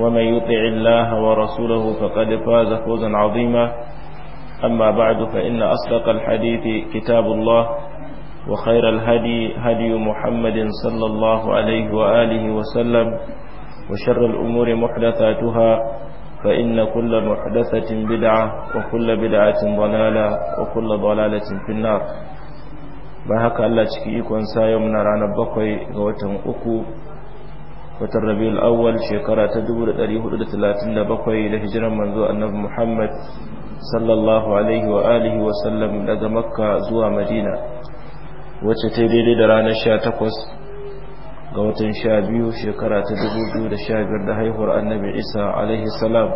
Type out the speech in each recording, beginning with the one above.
ومن يطع الله ورسوله فقد فاز فوزا عظيما أما بعد فإن أصدق الحديث كتاب الله وخير الهدي هدي محمد صلى الله عليه وآله وسلم وشر الأمور محدثاتها فإن كل محدثة بدعة وكل بدعة ضلالة وكل ضلالة في النار بهك الله تكيكون سايومنا رانا بقوي غوتهم أكو watan rabiul awwal shekara ta 1437 da hijiran manzo annabi Muhammad sallallahu alaihi wa alihi wa sallam daga Makka zuwa Madina wacce ta daidai da ranar 18 ga watan 12 shekara ta 2015 da haihuwar annabi Isa alaihi salam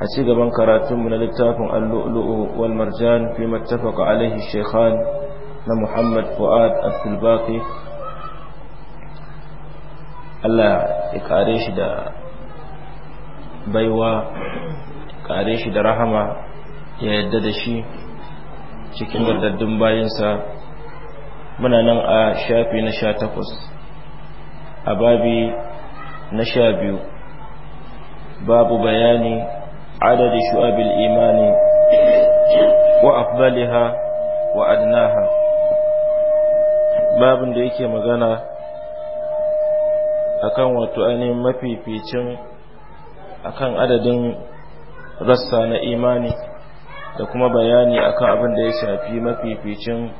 a ci gaban karatunmu na littafin al-lu'lu'u wal marjan fi mattafaqa alaihi shaykhan na Muhammad Fuad Abdul Baqi Allah ya kare shi da baiwa kare shi da rahama ya yadda da shi cikin yardaddun bayansa muna nan a shafi na sha takwas a babi na sha biyu babu bayani adadi shu'abil imani wa afdaliha wa adnaha babin da yake magana akan wato ainihin mafificin akan adadin rassa na imani da kuma bayani akan abin da ya shafi mafificin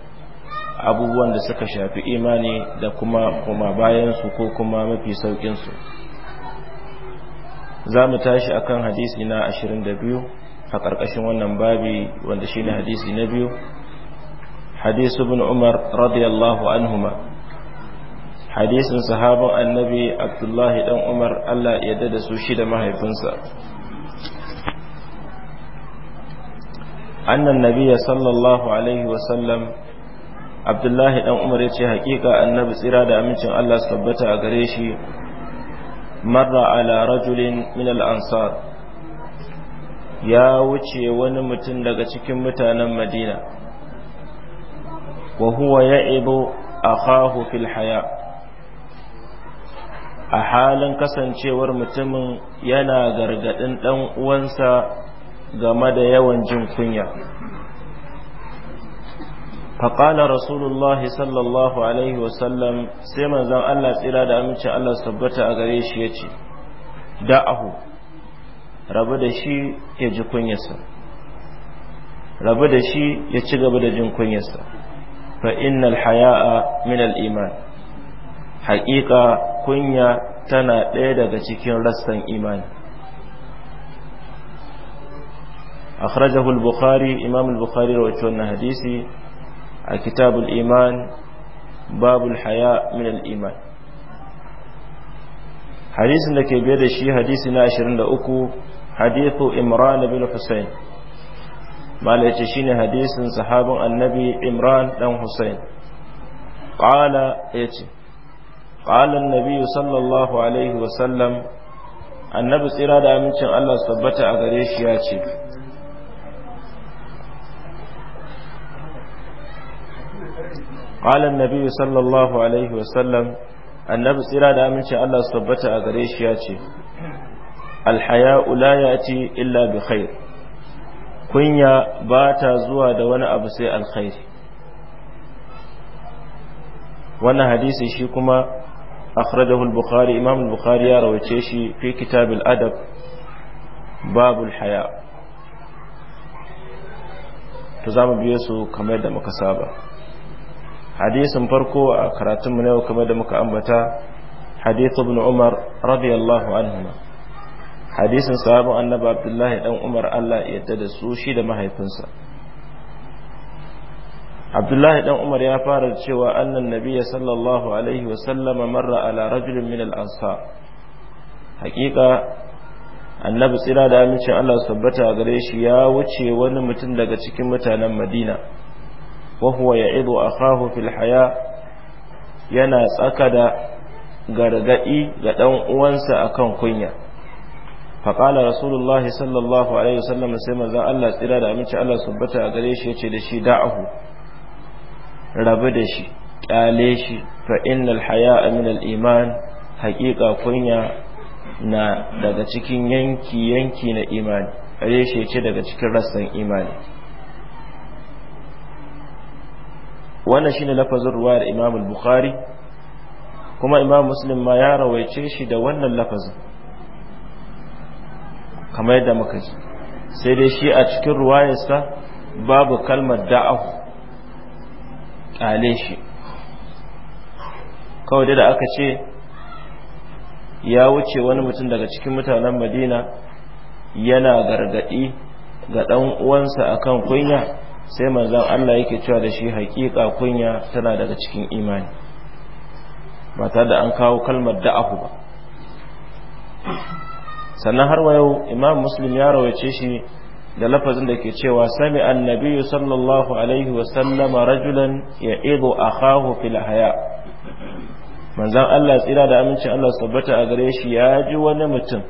abubuwan da suka shafi imani da kuma kuma bayansu ko kuma mafi sauƙinsu. za mu tashi akan hadisi na 22 a ƙarƙashin wannan babi wanda shine hadisi na biyu hadisu bin umar radiyallahu anhuma hadisin sahabin annabi abdullahi dan umar allah yadda da su shi da mahaifinsa annan nabiya sallallahu alaihi wasallam abdullahi dan umar ya ce hakika annabi tsira da amincin allah su tabbata a gare shi marra ala rajulin min al'ansar. ansar ya wuce wani mutum daga cikin mutanen madina wa huwa ibo a fil haya' a halin kasancewar mutumin yana gargadin dan uwansa game da yawan jin kunya faƙala rasulullah sallallahu alaihi wasallam sai manzon allah tsira da amince allah tabbata a gare shi ya ce da'ahu rabu da shi ya ji kunyarsa rabu da shi ya ci gaba da jin kunyarsa fa innal haya'a min al iman haƙiƙa kunya tana ɗaya daga cikin rassan imani akhrajahu al-bukhari imam al-bukhari rawaito wannan hadisi a kitabul iman babul haya min al-iman hadisin da ke biye da shi hadisi na 23 hadithu imran bin husayn malai ce shine hadisin sahabin annabi imran dan husayn qala yace قال النبي صلى الله عليه وسلم annabi tsira da amincin Allah su tabbata a gare shi ya ce ƙalan nabi sallallahu alaihi wasallam annabi tsira da amincin Allah su tabbata a gare shi ya ce Alhaya la yati illa bi khair kunya ba ta zuwa da wani abu sai alkhairi wannan hadisi shi kuma أخرجه البخاري إمام البخاري يروي تشيشي في كتاب الأدب باب الحياء تزام بيسو كما يدم كسابة حديث فرقو أقرأت منه كما يدم كأنبتا حديث ابن عمر رضي الله عنهما حديث صحابه أن عبد الله أن عمر ألا يتدسوشي لما هيتنسى abdullahi dan umar ya fara cewa annan nabiyya sallallahu alaihi wasallama marra ala rajulin min al-ansar hakika annabi tsira da amincin Allah sabbata gare shi ya wuce wani mutum daga cikin mutanen madina wa huwa ya'idu akahu fil haya yana tsaka da gargadi ga dan uwansa akan kunya faƙala rasulullahi sallallahu alaihi wasallam sai manzon Allah tsira da amincin Allah sabbata gare shi yace da shi da'ahu rabu da shi kyale shi fa innal haya'a min al iman haƙiƙa kunya na daga cikin yanki yanki na imani reshe ce daga cikin rassan imani wannan shine lafazin ruwayar Imam al-Bukhari kuma Imam Muslim ma ya rawaice shi da wannan lafazin kamar yadda muka ji sai dai shi a cikin ruwayarsa babu kalmar da'ahu kyale shi kawai da aka ce ya wuce wani mutum daga cikin mutanen madina yana gargadi ga ɗan uwansa akan kunya sai manzon Allah yake cewa da shi hakika kunya tana daga cikin imani ba tare da an kawo kalmar da'ahu ba sannan har wa yau imam muslim ya rawace shi da lafazin da ke cewa sami annabi sallallahu alaihi sallama rajulan ya ido a kahu fil manzan Allah tsira da amincin Allah tabbata a gare shi ya ji wani mutum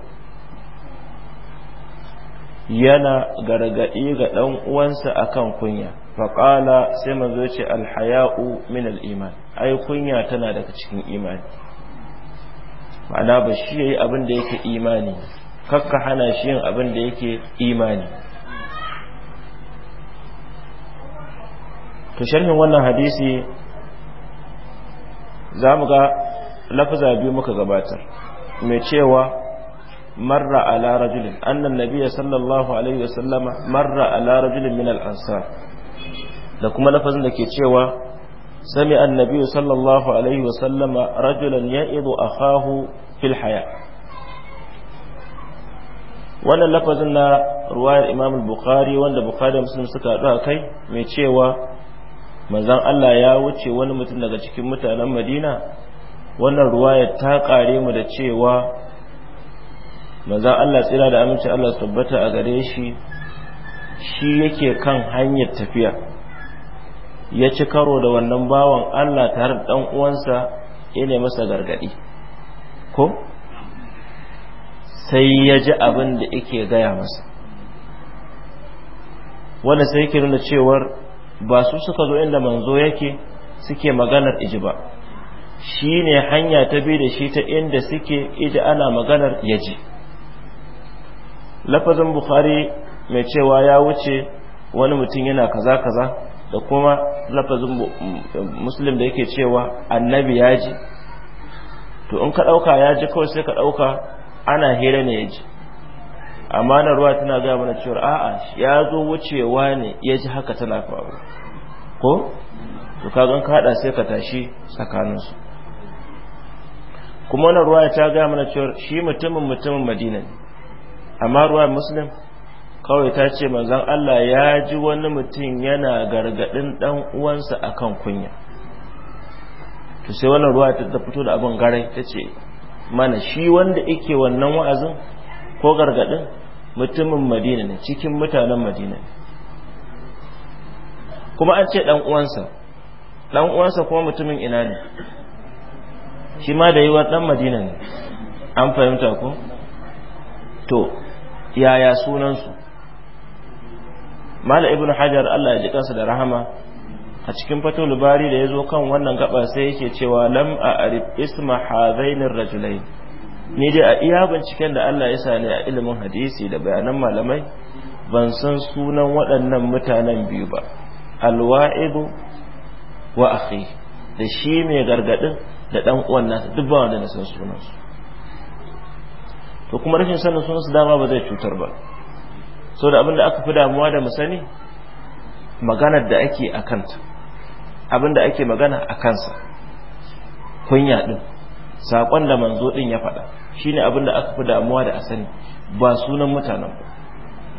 yana gargaɗi ga ɗan uwansa akan kunya faƙala sai manzo ce alhaya'u min al-iman ai kunya tana daga cikin imani ma'ana ba shi yayi abin da yake imani kakka hana shi yin abin da yake imani to sharhin wannan hadisi za mu ga lafaza biyu muka gabatar mai cewa marra ala rajulin annan nabiya sallallahu alaihi wasallama marra ala rajulin min al'ansar da kuma lafazin da ke cewa sami annabi sallallahu alaihi wasallama rajulan ya'idu akahu fil haya wannan lafazin na ruwayar imam bukari wanda bukari muslim suka haɗu a kai mai cewa Manzan Allah ya wuce wani mutum daga cikin mutanen Madina wannan ruwaya ta kare mu da cewa mazan Allah tsira da aminci Allah su tabbata a gare shi shi yake kan hanyar tafiya ya ci karo da wannan bawan Allah tare da dan uwansa yana masa gargadi ko sai ya ji abin da yake gaya masa wanda sai yake nuna cewar ba su suka zo inda manzo yake suke maganar iji ba shi ne hanya ta bi da shi ta inda suke iji ana maganar yaji lafazin bukhari mai cewa ya wuce wani mutum yana kaza kaza da kuma lafazin muslim da yake cewa annabi yaji to in ka ɗauka yaji kawai sai ka ɗauka ana hira ne yaji ji amma na ruwa tana gaya mana cewa a'a ya zo wucewa ne ya ji haka tana faru ko to gan kada sai ka tashi tsakaninsu kuma na ruwa ta gaya mana cewa shi mutumin mutumin madina ne amma ruwa muslim kawai ta ce manzon Allah ya ji wani mutum yana gargadin dan uwansa akan kunya to sai wannan ruwa ta fito da abin garai ta mana shi wanda yake wannan wa'azin ko gargadin mutumin madina ne cikin mutanen madina ne kuma an ce dan uwansa dan uwansa kuma mutumin ina ne shi ma da yiwuwar dan madina ne an fahimta ko to yaya sunansu mala ibnu hajar Allah ya ji kansa da rahama a cikin fatul bari da ya zo kan wannan gaba sai yake cewa lam a arif isma hadainir rajulain ni dai a iya binciken da Allah ya sani a ilimin hadisi da bayanan malamai ban san sunan waɗannan mutanen biyu ba alwa'idu wa akhi da shi mai gargadin da dan uwan nasa duk ba wanda na san sunan su to kuma rashin sanin sunan su dama ba zai cutar ba saboda abinda aka fi damuwa da mu sani magana da ake a abinda ake magana a kansa kunya din saƙon da manzo ɗin ya faɗa shine abin da aka fi damuwa da asali ba sunan mutanen ba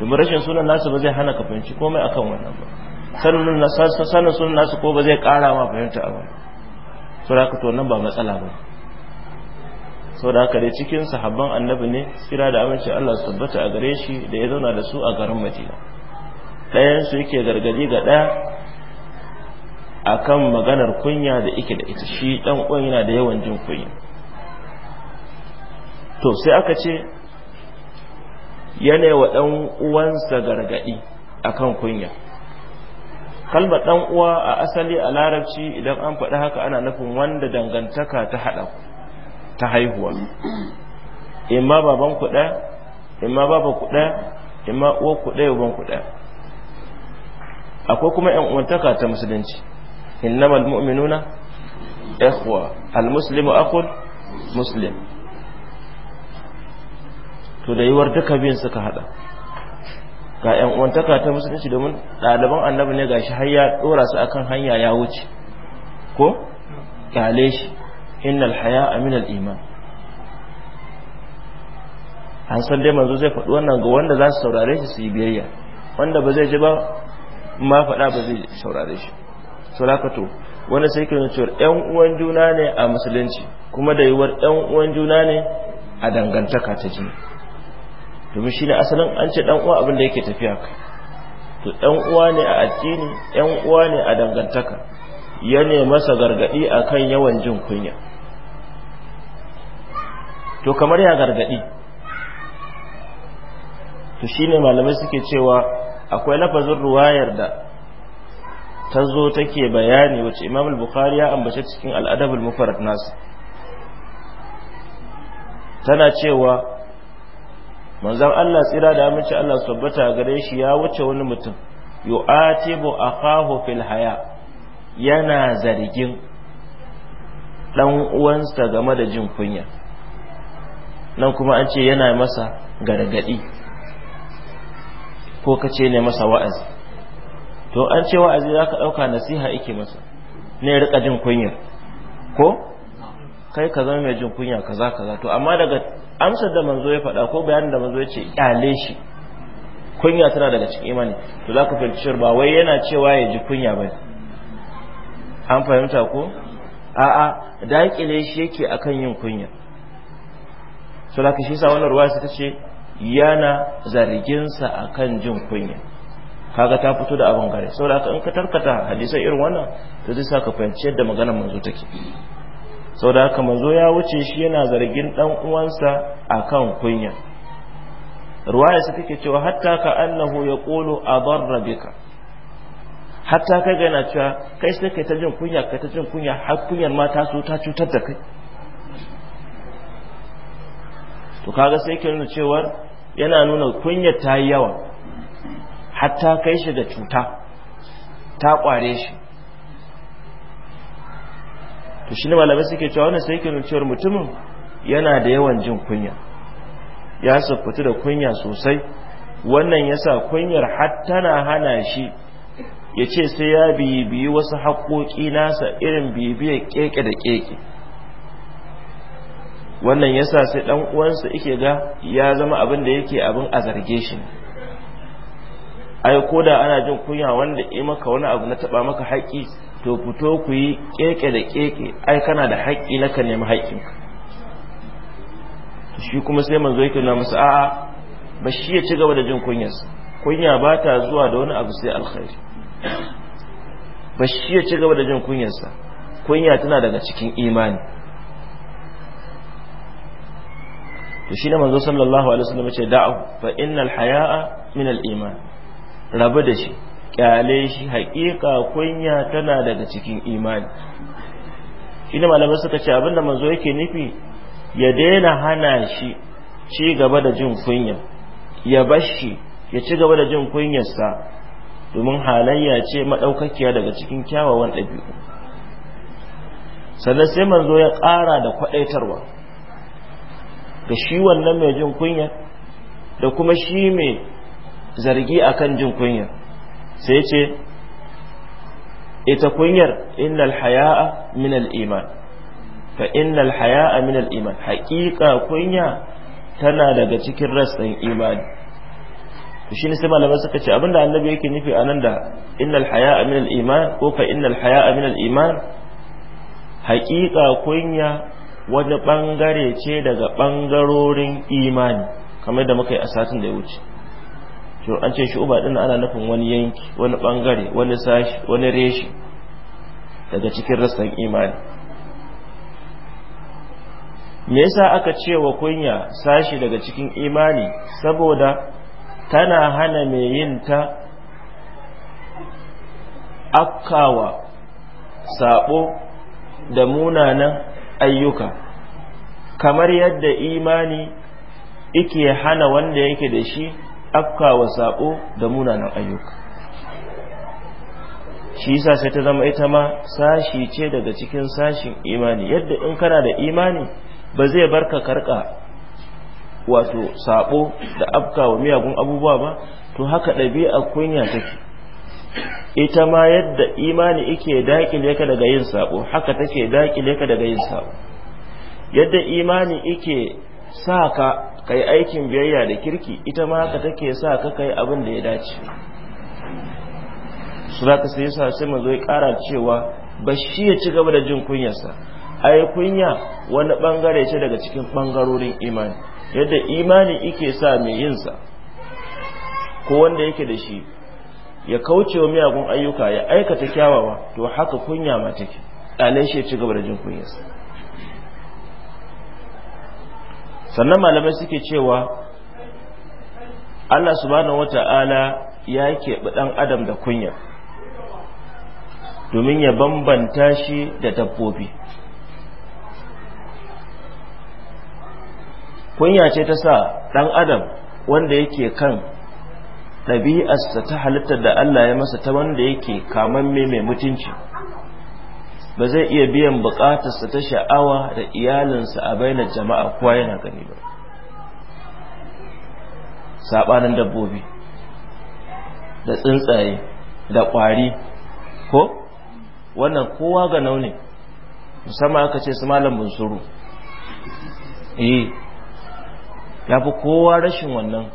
domin rashin sunan nasu ba zai hana ka fahimci komai akan wannan ba sanin sunan nasu ko ba zai ƙara ma fahimta a wani haka to nan ba matsala ba saboda haka dai cikin sahabban annabi ne tsira da aminci Allah su tabbata a gare shi da ya zauna da su a garin Madina ɗayan su yake gargadi ga ɗaya akan maganar kunya da ike da ita shi dan uwan yana da yawan jin kunya to sai aka ce yana wa ɗan uwansa gargaɗi akan kunya kalmar ɗan uwa a asali a larabci idan an faɗi haka ana nufin wanda dangantaka ta haɗa ta haihuwa imma baban ku imma baba ku imma uwa ku ɗaya uban ku akwai kuma ƴan uwantaka ta musulunci innamal mu'minuna ikhwa al-muslimu muslim to da yiwuwar duka biyun suka hada ga yan uwantaka ta musulunci domin ɗaliban annabi ne gashi har ya dora su akan hanya ya wuce ko kyale shi innal haya aminal iman an san dai manzo zai faɗi wannan ga wanda za su saurare shi su yi biyayya wanda ba zai ji ba ma faɗa ba zai saurare shi to wanda sai kiran cewa ƴan uwan juna ne a musulunci kuma da yiwuwar ƴan uwan juna ne a dangantaka ta jini domin shine asalin an ce dan uwa abin da yake tafiya kai to dan uwa ne a addini yan uwa ne a dangantaka ya ne masa gargadi akan yawan jin kunya to kamar ya gargadi to shine malamai suke cewa akwai lafazin ruwayar da ta zo take bayani wacce Imam al-Bukhari ya ambace cikin al-Adab nasa tana cewa manzon Allah tsira da amince Allah su tabbata gare shi ya wuce wani mutum yu'atibu akahu fil haya yana zargin dan uwansa game da jin kunya nan kuma an ce yana masa gargadi ko kace ne masa wa'azi to an ce wa'azi zaka dauka nasiha yake masa ne rika jin kunya ko kai ka zama mai jin kunya kaza kaza to amma daga amsar da manzo ya faɗa ko bayanin da manzo ya ce kyale shi kunya tana daga cikin imani to za ku fahimci ba wai yana cewa ya ji kunya ba an fahimta ko a'a daƙile shi yake akan yin kunya so da shi sa wannan ruwaya ta ce yana zarginsa akan jin kunya kaga ta fito da abin gare saboda in ka tarkata hadisan irin wannan to zai saka fahimci yadda maganar manzo take sau da haka manzo ya wuce shi yana zargin dan uwansa kan kunya ruwaya su take cewa hatta ka annahu ya qulu adarra bika hatta kai ga yana cewa kai sai kai ta jin kunya kai ta jin kunya har kunyar ma ta so ta cutar da kai to kaga sai ke nuna cewar yana nuna kunyar ta yi yawa hatta kai shi da cuta ta ƙware shi to shi ne malamai suke cewa wannan sai yake nuna mutumin yana da yawan jin kunya ya suffutu da kunya sosai wannan yasa kunyar har tana hana shi ya ce sai ya bibiyi wasu haƙoƙi nasa irin bibiyar keke da keke wannan yasa sai ɗan uwansa yake ga ya zama abin da yake abin a zarge shi ai ko da ana jin kunya wanda ya maka wani abu na taɓa maka haƙi to fito ku yi keke da keke ai kana da haƙƙi na ka nemi haƙƙin shi kuma sai manzo yake na musu a'a ba shi ya ci gaba da jin kunyarsa kunya ba ta zuwa da wani abu sai alkhairi ba shi ya ci gaba da jin kunyarsa kunya tana daga cikin imani to shi ne manzo sallallahu alaihi wasallam ce da'u fa innal haya'a min al iman rabu da shi kyale shi haƙiƙa kunya tana daga cikin imani shi ne malamai suka ce abinda manzo yake nufi ya daina hana shi ci gaba da jin kunya ya bashi ya ci gaba da jin kunyarsa domin halayya ce maɗaukakiya daga cikin kyawawan ɗabi'u sannan sai manzo ya ƙara da kwaɗaitarwa ga shi wannan mai jin kunya da kuma shi mai zargi akan jin kunyar sai ce ita kunyar innal haya'a min al-iman fa innal haya'a min al-iman haƙiƙa kunya tana daga cikin rassan imani shi ne sai malamai suka ce abinda annabi yake nufi a nan da innal haya'a min al-iman ko fa innal haya'a min al-iman haƙiƙa kunya wani bangare ce daga bangarorin imani kamar da muka yi a satin da ya wuce to an ce shu'uba din ana nufin wani yanki wani bangare wani sashi wani reshi daga cikin rassan imani me yasa aka ce wa kunya sashi daga cikin imani saboda tana hana mai yin ta afkawa sabo da munanan ayyuka kamar yadda imani ike hana wanda yake da shi afkawa saɓo da munanan ayyuka shi yasa sai ta zama ita ma sashi ce daga cikin sashin imani yadda in kana da imani ba zai barka karka wato sabo da afkawa miyagun abubuwa ba to haka ɗabi'a kunya take ita ma yadda imani ike dakile ka daga yin sabo haka take dakile ka daga yin sabo yadda imani ike sa ka kai aikin biyayya da kirki ita ma haka take sa ka kai abin da ya dace su za ka sai sai ya kara cewa ba shi ya ci gaba da jin kunyarsa ai kunya wani bangare ce daga cikin bangarorin imani yadda imani ike sa mai yinsa ko wanda yake da shi ya kauce wa miyagun ayyuka ya aikata kyawawa to haka kunya ma take ɗalai shi ya ci gaba da jin kunyarsa sannan malamai suke cewa Allah subhanahu wata'ala ya keɓi ɗan adam da kunya domin ya bambanta shi da dabbobi kunya ce ta sa ɗan adam wanda yake kan ɗabi'arsa ta halittar da Allah ya masa ta wanda yake kamamme mai mutunci ba zai iya biyan bukatarsa ta sha'awa da iyalinsa a bainar jama'a kuwa yana gani ba sabanin dabbobi da tsuntsaye da kwari ko wannan kowa ga naune musamman aka ce su malam bunsuru eh ya fi kowa rashin wannan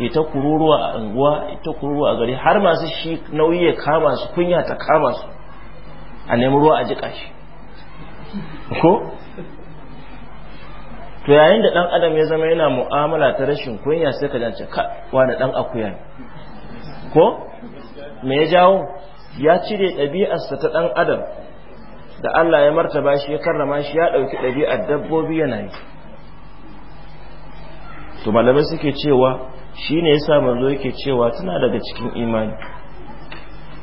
ita kururuwa a unguwa ita kururuwa a gari har masu shi nauyi ya kama su kunya ta kama su a nemi ruwa a jiƙa shi ko to yayin da ɗan adam ya zama yana mu'amala ta rashin kunya sai ka jance ka wani ɗan akuya ne ko me ya jawo ya cire ɗabi'arsa ta ɗan adam da Allah ya martaba shi ya karrama shi ya ɗauki ɗabi'ar dabbobi yana yi to malamai suke cewa shi ne ya sa manzo yake cewa tana daga cikin imani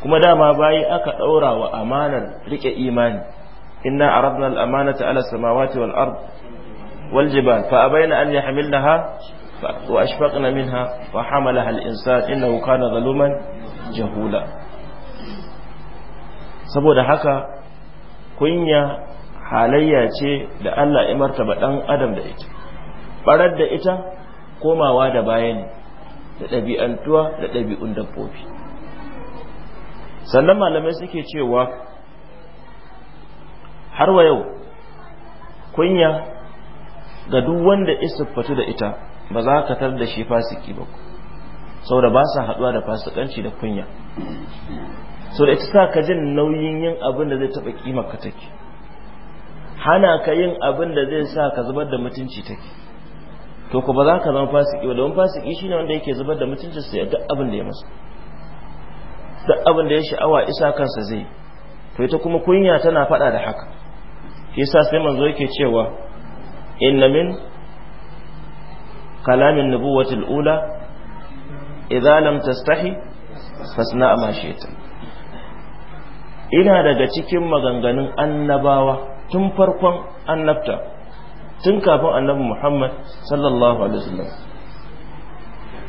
kuma dama bayi aka ɗaura wa amanar rike imani inna aradna al-amanata ala samawati wal ard wal jibal fa abaina an yahmilnaha wa ashfaqna minha wa hamalaha al-insan innahu kana zaluman jahula saboda haka kunya halayya ce da Allah ya martaba dan adam da ita barar da ita komawa da baya ne da ɗabi'antuwa da ɗabi'un dabbobi sannan malamai suke cewa har wa yau kunya ga duk wanda isuffatu da ita ba za ka tar da shi fasiki ba saboda ba sa haduwa da fasikanci da kunya saboda ita sa ka jin nauyin yin abin da zai taɓa kimar ka take hana ka yin abin da zai sa ka zubar da mutunci take to ku ba za ka zama fasiki ba don fasiki shine wanda yake zubar da mutunci sai ga abin da ya masa duk abin da ya sha'awa isa kansa zai to ita kuma kunya tana faɗa da haka yasa sai manzo yake cewa inna min kalamin nubuwati al'ula idza lam tastahi fasna ma shi'ta ina daga cikin maganganun annabawa tun farkon annabta tun kafin annabi Muhammad sallallahu alaihi wasallam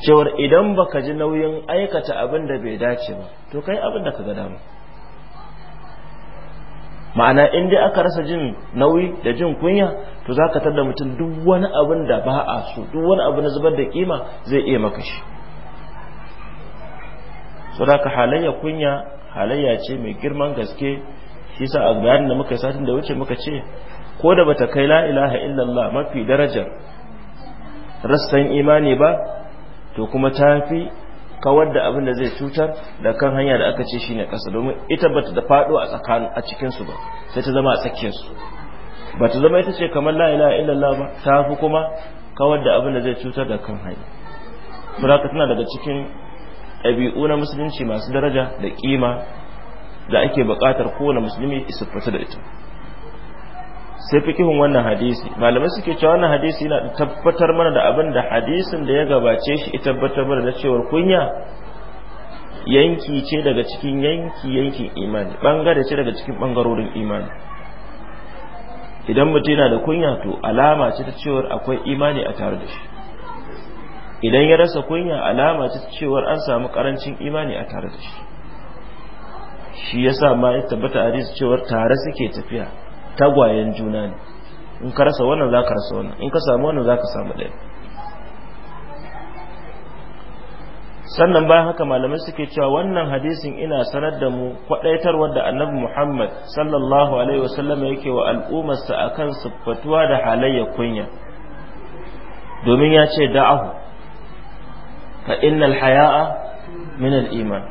cewar idan baka ji nauyin aikata abin da bai dace ba to kai abin da ka ga dama ma'ana in dai aka rasa jin nauyi da jin kunya to za ka tada mutum duk wani abin da ba a so duk wani abu na zubar da kima zai iya maka shi so da ka halayya kunya halayya ce mai girman gaske shi sa a bayanin da muka satin da wuce muka ce ko da bata kai la ilaha illallah mafi darajar rassan imani ba to kuma ta fi kawar da abin da zai cutar da kan hanya da aka ce shi ne ƙasa domin ita ba ta da faɗo a tsakanin a cikinsu ba sai ta zama a tsakiyarsu ba ta zama ita ce kamar la'ila a ba ta fi kuma kawar da abin da zai cutar da kan hanya suraka tana daga cikin ɗabi'u na musulunci masu daraja da kima da ake buƙatar kowane musulmi isa fita da ita sai fi kihun wannan hadisi malamai suke cewa wannan hadisi yana tabbatar mana da abin da hadisin da ya gabace shi ita tabbatar mana da cewar kunya yanki ce daga cikin yanki yankin imani bangare ce daga cikin bangarorin imani idan mutum yana da kunya to alama ce ta cewar akwai imani a tare da shi idan ya rasa kunya alama ce ta cewar an samu karancin imani a tare da shi shi yasa ma ya tabbata hadisi cewar tare suke tafiya tagwayen juna ne in ka rasa wannan za ka rasa wannan in ka samu wannan za ka samu ɗaya sannan bayan haka malamai suke cewa wannan hadisin ina sanar da mu kwaɗaitarwar da annabi muhammad sallallahu alaihi wasallam yake wa al'ummarsa akan siffatuwa da halayya kunya domin ya ce da'ahu fa innal haya'a min al-iman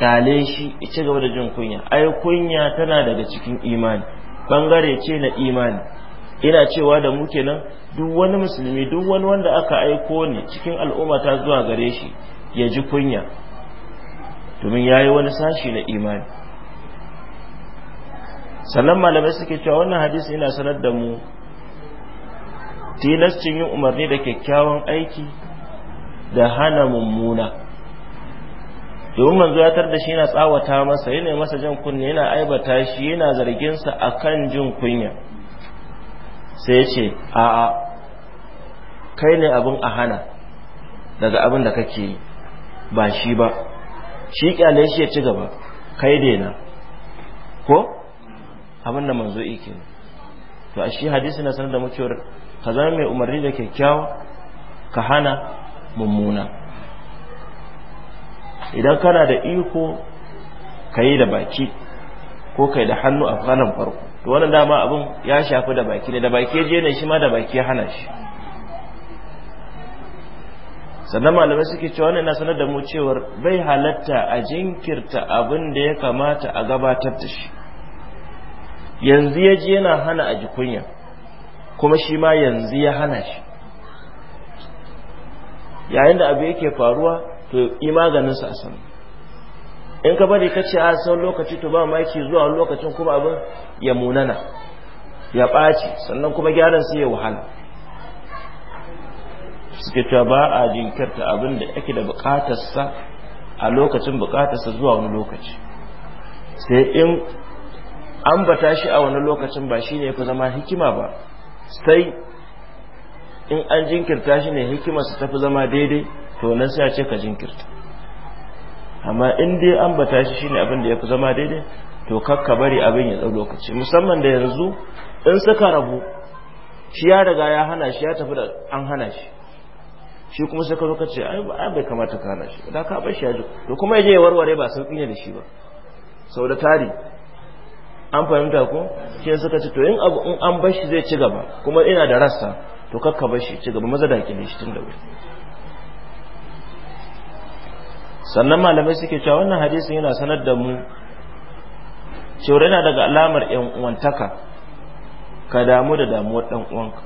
kyale shi ya ci gaba da jin kunya ai kunya tana daga cikin imani bangare ce na imani ina cewa da mu kenan duk wani musulmi duk wani wanda aka aiko ne cikin al'umma ta zuwa gare shi ya ji kunya domin yayi wani sashi na imani sannan malamai suke cewa wannan hadisi yana sanar da mu tilascin yin umarni da kyakkyawan aiki da hana mummuna domin manzo ya tar da shi yana tsawata masa yana masa jan kunne yana aibata shi yana zargin sa akan jin kunya sai ya ce a a kai ne abin a hana daga abin da kake yi ba shi ba shi kyale shi ya ci gaba kai dai na ko abin da manzo yake to a shi hadisi na sanar da mu cewa ka zama mai umarni da kyakkyawa ka hana mummuna idan kana da iko ka yi da baki ko kai da hannu a fanan farko to wannan dama abin ya shafi da baki ne da baki je ne shi ma da baki ya hana shi sannan malamai suke cewa wannan na sanar da mu cewar bai halatta a jinkirta abin da ya kamata a gabatar da shi yanzu ya je yana hana a jikunya kuma shi ma yanzu ya hana shi yayin da abu yake faruwa to yi maganin sa a san in ka bari ka ce a san lokaci to ba maki zuwa lokacin kuma abin ya munana ya ɓaci sannan kuma gyaran sai ya wahala suke cewa ba a jinkirta abin da yake da bukatarsa a lokacin bukatarsa zuwa wani lokaci sai in ambata shi a wani lokacin ba shi ne fi zama hikima ba sai in an jinkirta shi ne hikimarsa ta fi zama daidai to nan sai a ce ka jinkirta amma in dai an bata shi shine abin da yafi zama daidai to kakka bari abin ya tsau lokaci musamman da yanzu in suka rabu shi ya riga ya hana shi ya tafi da an hana shi shi kuma sai ka zo ka ce ai bai kamata ka hana shi da ka bar shi ya ji to kuma yaje ya warware ba sauki ne da shi ba sau da tari an fahimta ko shi suka ce to in abu in an bar shi zai ci gaba kuma ina da rassa to kakka bar shi ci gaba maza da kile shi tun da wuri sannan malamai suke cewa wannan hadisin yana sanar da mu cewa yana daga alamar yan uwantaka ka damu da damuwar dan uwanka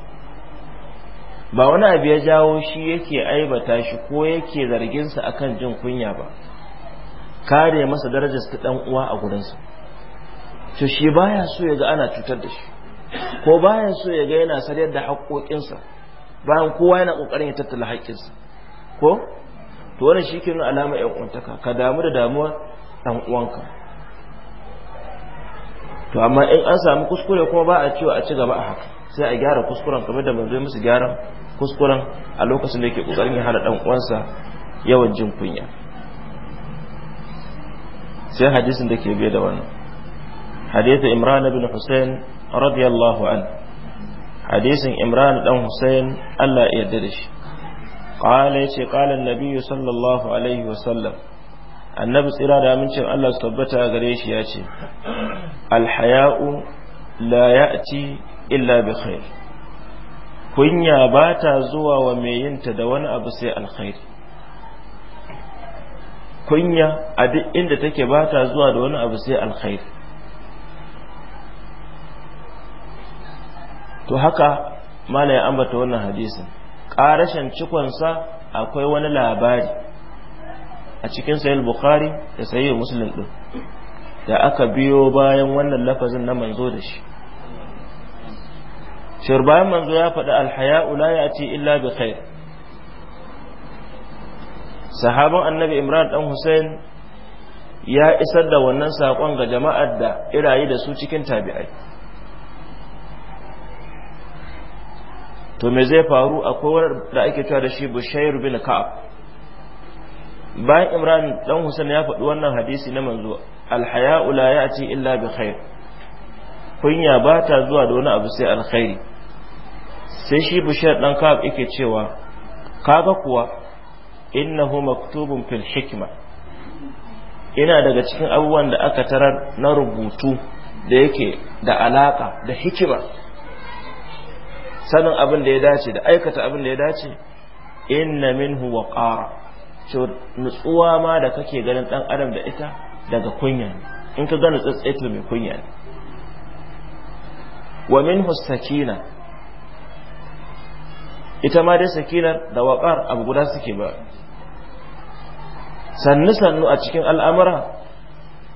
ba wani abu ya jawo shi yake aibata shi ko yake zargin sa akan jin kunya ba kare masa darajar ta dan uwa a gurin to shi baya so ya ana cutar da shi ko baya so ya yana sarayar da haƙoƙinsa bayan kowa yana ƙoƙarin ya tattala haƙƙinsa ko to wannan shi ke nuna alama yan uwantaka ka damu da damuwa ɗan uwanka to amma in an samu kuskure kuma ba a cewa a ci gaba a haka sai a gyara kuskuren kamar da manzo musu gyara kuskuren a lokacin da yake kokarin ya hana ɗan uwansa yawan jin kunya sai hadisin da ke biye da wannan hadithu imran ibn husain radiyallahu anhu hadisin imran dan husain Allah ya yarda da shi qala yace qala annabi sallallahu alaihi wasallam annabi tsira da amincin Allah su tabbata gare shi ya ce alhaya'u la ya'ti illa bi khair kunya ba ta zuwa wa mai yinta da wani abu sai alkhairi kunya a duk inda take ba ta zuwa da wani abu sai alkhairi to haka mala ya ambata wannan hadisin cikon cikonsa akwai wani labari a cikin sayil bukhari da sayi musulun ɗin da aka biyo bayan wannan lafazin na manzo da shi shir bayan manzo ya faɗi alhaya'u la ya ce illa bi khair sahabin annabi imran dan hussein ya isar da wannan saƙon ga jama'ar da irayi da su cikin tabi'ai to me zai faru akwai da ake cewa da shi bushairu bin ka'ab bayan imran dan husain ya faɗi wannan hadisi na manzo alhaya'u la ya'ti illa bi khair kunya ba ta zuwa da wani abu sai alkhairi sai shi bushair dan ka'ab yake cewa kaga kuwa innahu maktubun fil hikma ina daga cikin abubuwan da aka tarar na rubutu da yake da alaka da hikima sanin abin da ya dace da aikata abin da ya dace inna minhu qara to nutsuwa ma da kake ganin dan adam da ita daga kunya in ka gane to mai kunya ne wa minhu sakina ita ma dai sakinar da waqar abu guda suke ba sannu sannu a cikin al'amura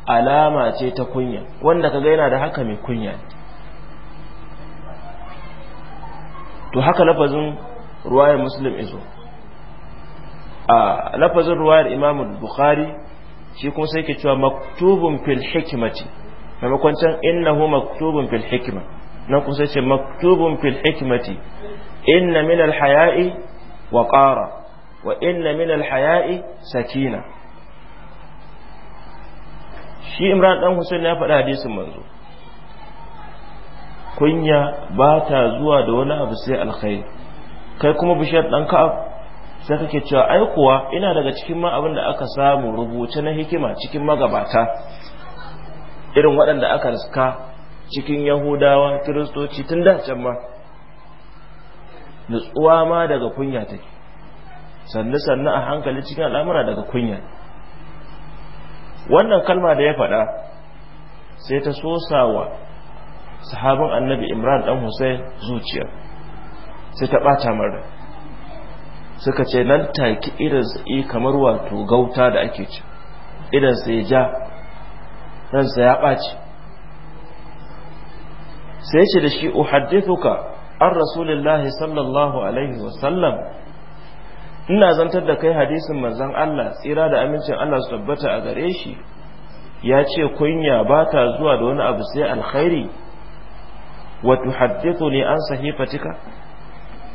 alama ce ta kunya wanda kaga yana da haka mai kunya to haka lafazin ruwayar muslim izo a lafazin ruwayar imam bukhari shi kuma sai ke cewa maktubun fil hikmati maimakon can innahu maktubun fil hikma nan kuma sai ce maktubun fil hikmati inna min al haya'i wa qara wa inna min al haya'i sakina shi imran dan husain ya faɗa hadisin manzo kunya ba ta zuwa da wani abu sai alkhairi kai kuma bishiyar dan ka sai kake cewa ai kuwa ina daga cikin ma abin da aka samu rubuce na hikima cikin magabata irin waɗanda aka riska cikin yahudawa kiristoci tun da can ma nutsuwa ma daga kunya take sannu sannu a hankali cikin al'amura daga kunya wannan kalma da ya faɗa sai ta sosawa sahabin annabi imran dan husayn zuciya sai ta bata mara suka ce nan take irin sai eh, kamar wato gauta da ake ci idan sai ja ransa ya baci sai ce da shi uhaddithuka an rasulullahi sallallahu alaihi wasallam ina zantar da kai hadisin manzon Allah tsira da amincin Allah su tabbata a gare shi ya ce kunya ba ta zuwa da wani abu sai alkhairi wa tuhaddithu ne an sahifatika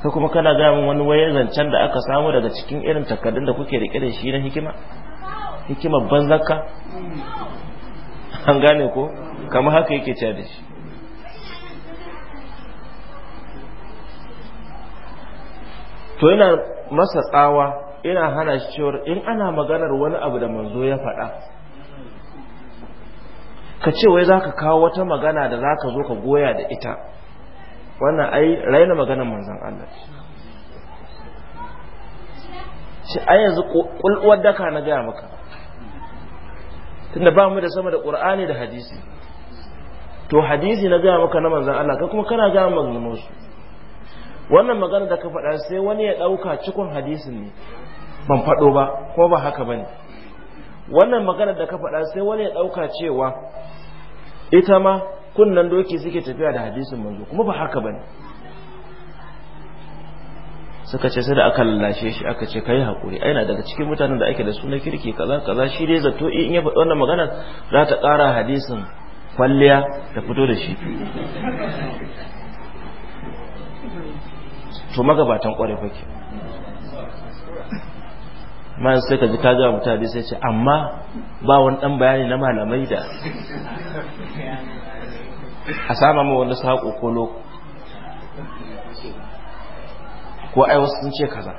ka kuma kana ga wani waye zancen da aka samu daga cikin irin takardun da kuke rike da shi na hikima hikima banzaka an gane ko kamar haka yake cewa da shi to yana masa tsawa ina hana shi cewa in ana maganar wani abu da manzo ya faɗa ka ce wai za ka kawo wata magana da za ka zo ka goya da ita wannan ai raina magana manzan Allah shi a yanzu kulkuwar daka na gaya maka tunda ba mu da sama da ƙur'ani da hadisi to hadisi na gaya maka na manzan Allah kai kuma kana gaya maganganun wasu. wannan magana da ka faɗa sai wani ya ɗauka cikin hadisin ne ban faɗo ba ko ba haka ba ne wannan magana da ka faɗa sai wani ya ɗauka cewa ita ma kunnan doki suke tafiya da hadisin manzo kuma ba haka bane suka ce sai da aka lallashe shi aka ce kai hakuri aina daga cikin mutanen da ake da su kirki kaza kaza shi dai zato in ya faɗi wannan magana za ta ƙara hadisin kwalliya ta fito da shi to magabatan ƙwarai ma sai ka ji ka ta mutum sai ce amma ba wani dan bayani na malamai da a sama ma wani sako ko loko ko ai wasu sun ce kaza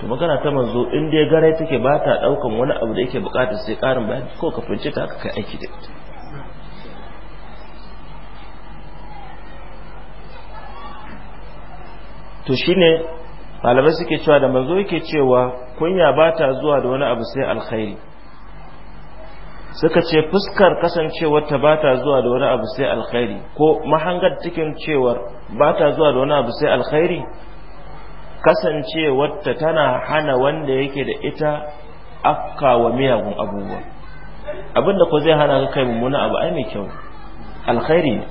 to magana ta manzo in dai garai take ba ta daukan wani abu da yake bukata sai karin bayani ko ka fince ta kai aiki da ita to shine malamai suke cewa da manzo yake cewa kunya ba ta zuwa da wani abu sai alkhairi suka ce fuskar kasancewar ta ba ta zuwa da wani abu sai alkhairi ko mahangar cikin cewar ba ta zuwa da wani abu sai alkhairi kasancewar ta tana hana wanda yake da ita afka wa miyagun abubuwa abinda ko zai hana ka kai mummuna abu ai mai kyau alkhairi ne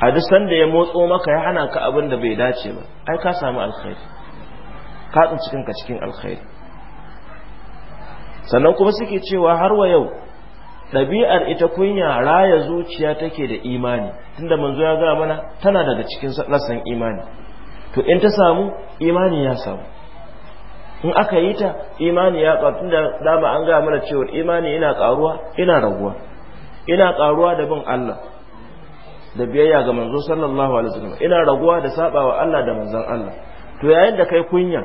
a duk sanda ya motso maka ya hana ka abin da bai dace ba ai ka samu alkhairi ka cikinka cikin alkhairi sannan kuma suke cewa har wa yau ɗabi'ar ita kunya raya zuciya take da imani tunda manzo ya gaya mana tana daga cikin rassan imani to in ta samu imani ya samu in aka yi ta imani ya ƙaru tunda dama an gaya mana cewa imani ina ƙaruwa ina raguwa ina ƙaruwa da bin Allah da biyayya ga manzo sallallahu alaihi wasallam ina raguwa da sabawa Allah da manzon Allah to yayin da kai kunya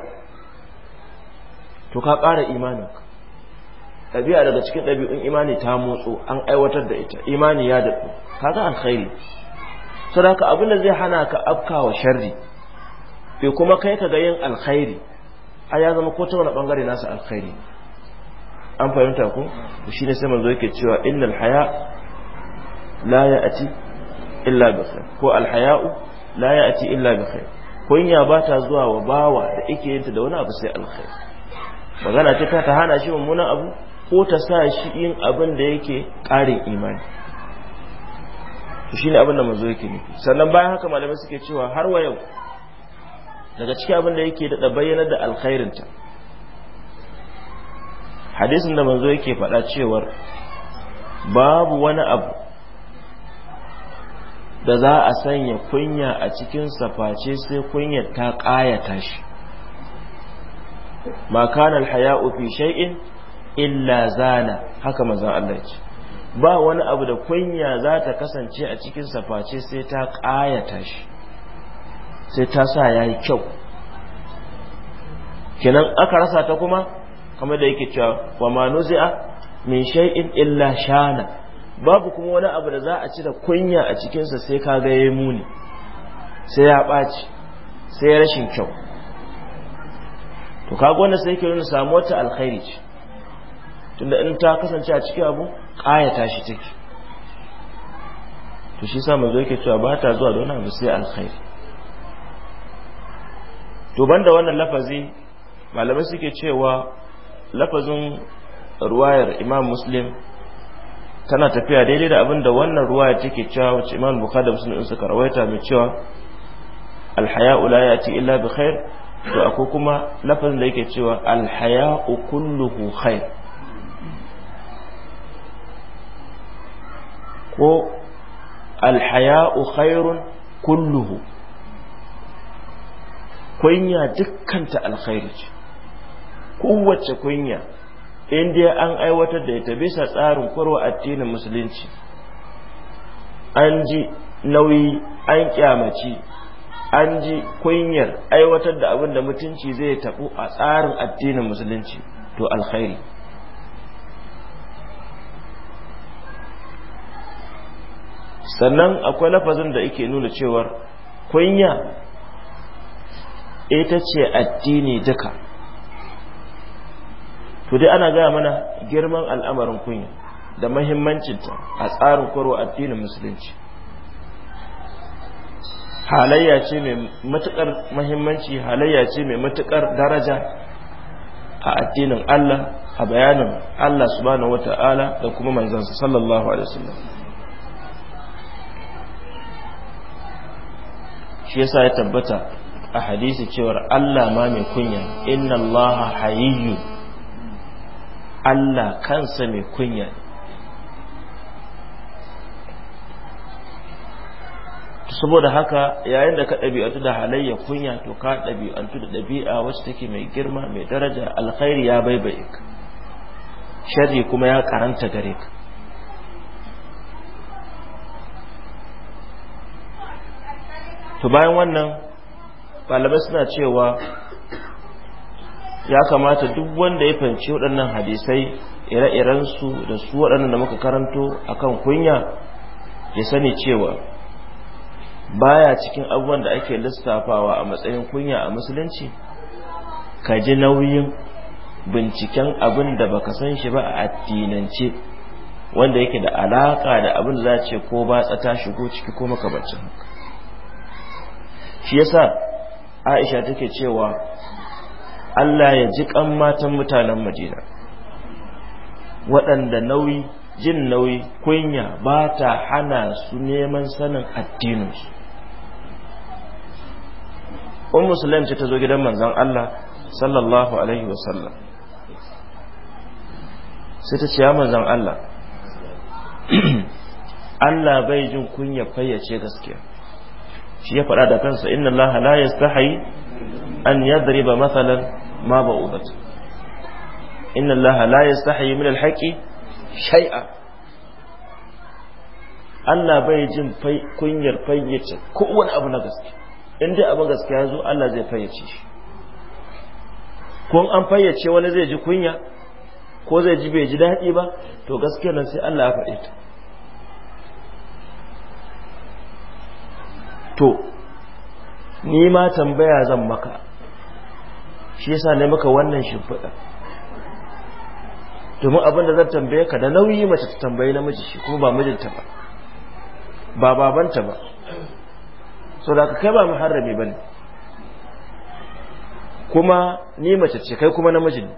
to ka ƙara imaninka ɗabi'a daga cikin ɗabi'un imani ta motso an aiwatar da ita imani ya daɗu ga alkhairi Sadaka abin da zai hana ka afkawa sharri bai kuma kai ka ga yin alkhairi a ya zama ko ta wani ɓangare nasa alkhairi an fahimta ku? to ne sai manzo yake cewa innal haya la ya'ti illa bi khair ko alhaya'u haya'u la ya'ti illa bi khair kunya ba ta zuwa wa bawa da yake yinta da wani abu sai alkhairi magana ce ta ta hana shi mummunan abu ko ta sa shi yin abin da yake ƙarin imani to shine abin da manzo yake nufi sannan bayan haka malamai suke cewa har wa yau daga cikin abin da yake da bayyana da alkhairinta hadisin da manzo yake faɗa cewa babu wani abu da za a sanya kunya a cikin saface sai kunyar ta ƙayata tashi. ma kana haya'u fi shay'in illa zana haka manzon Allah ce ba wani abu da kunya za ta kasance a cikin saface sai ta ƙayata shi sai ta sa yayi kyau kenan aka rasa ta kuma kamar da yake cewa wa ma nuzi'a min shay'in illa shana babu kuma wani abu da za a ci da kunya a cikinsa sai ka ga ya muni sai ya ɓaci sai ya rashin kyau to kaga wanda sai ke nuna samu wata alkhairi ce tunda in ta kasance a cikin abu ƙayata shi take to shi sa mazo yake cewa ba ta zuwa da wani abu sai alkhairi to banda wannan lafazi malamai suke cewa lafazin ruwayar imam muslim tana tafiya daidai da abinda wannan ruwa ya take cewa wacce Imam Bukhari da Muslim karawaita suka rawaita mai cewa al-haya'u ya yati illa bi khair to akwai kuma lafazin da yake cewa al kulluhu khair ko al khairun kulluhu kunya dukkanta alkhairu ce kowace kunya Indiya an aiwatar da ita bisa tsarin kwarwa addinin musulunci an ji nauyi an kyamaci an ji kunyar aiwatar da abin da mutunci zai tabu a tsarin addinin musulunci to alkhairi sannan akwai lafazin da yake nuna cewar kunya ita ce addini duka to dai ana gaya mana girman al'amarin kunya da mahimmancinta a tsarin koro addinin musulunci halayya ce mai matukar mahimmanci halayya ce mai matukar daraja a addinin Allah a bayanin Allah subhanahu wata'ala da kuma manzansa sallallahu alaihi wasallam shi yasa ya tabbata a hadisi cewar Allah ma mai kunya inna Allah hayyun Allah kansa mai kunya ne saboda haka yayin da ka ɗabi'atu da halayya kunya to ka ɗabi'antu da ɗabi'a wacce take mai girma mai daraja alkhairi ya baibaye ka sharri kuma ya karanta gare ka to bayan wannan malamai suna cewa ya kamata duk wanda ya fahimci waɗannan hadisai ire-irensu da su waɗannan da muka karanto a kan kunya ya sani cewa baya cikin abubuwan da ake lissafawa a matsayin kunya a musulunci ka ji nauyin binciken abin da baka san shi ba a addinance wanda yake da alaka da abin da za ce ko ba tsata shigo ciki ko makamacin haka shi yasa Aisha take cewa Allah ya ji kan matan mutanen Madina waɗanda nauyi jin nauyi kunya ba ta hana su neman sanin addininsu un umm musulun ce ta zo gidan manzon Allah sallallahu alaihi wasallam sai ta ce ya manzon Allah Allah bai jin kunya fayyace gaskiya shi ya faɗa da kansa inna Allah la yastahi an yadriba mathalan ma ba'udat inna allaha la yastahi min alhaqi shay'a Allah bai jin kunyar fayyace ko wani abu na gaske in dai abin gaske ya zo Allah zai fayyace shi ko an fayyace wani zai ji kunya ko zai ji bai ji daɗi ba to gaske nan sai Allah ya faɗe ta to ni ma tambaya zan maka shi yasa ne maka wannan shimfiɗa domin abin da zan tambaye ka da nauyi mace ta tambayi namiji shi kuma ba mijinta ba ba babanta ba so da ka kai ba muharrami ba ne kuma ni mace ce kai kuma namiji ne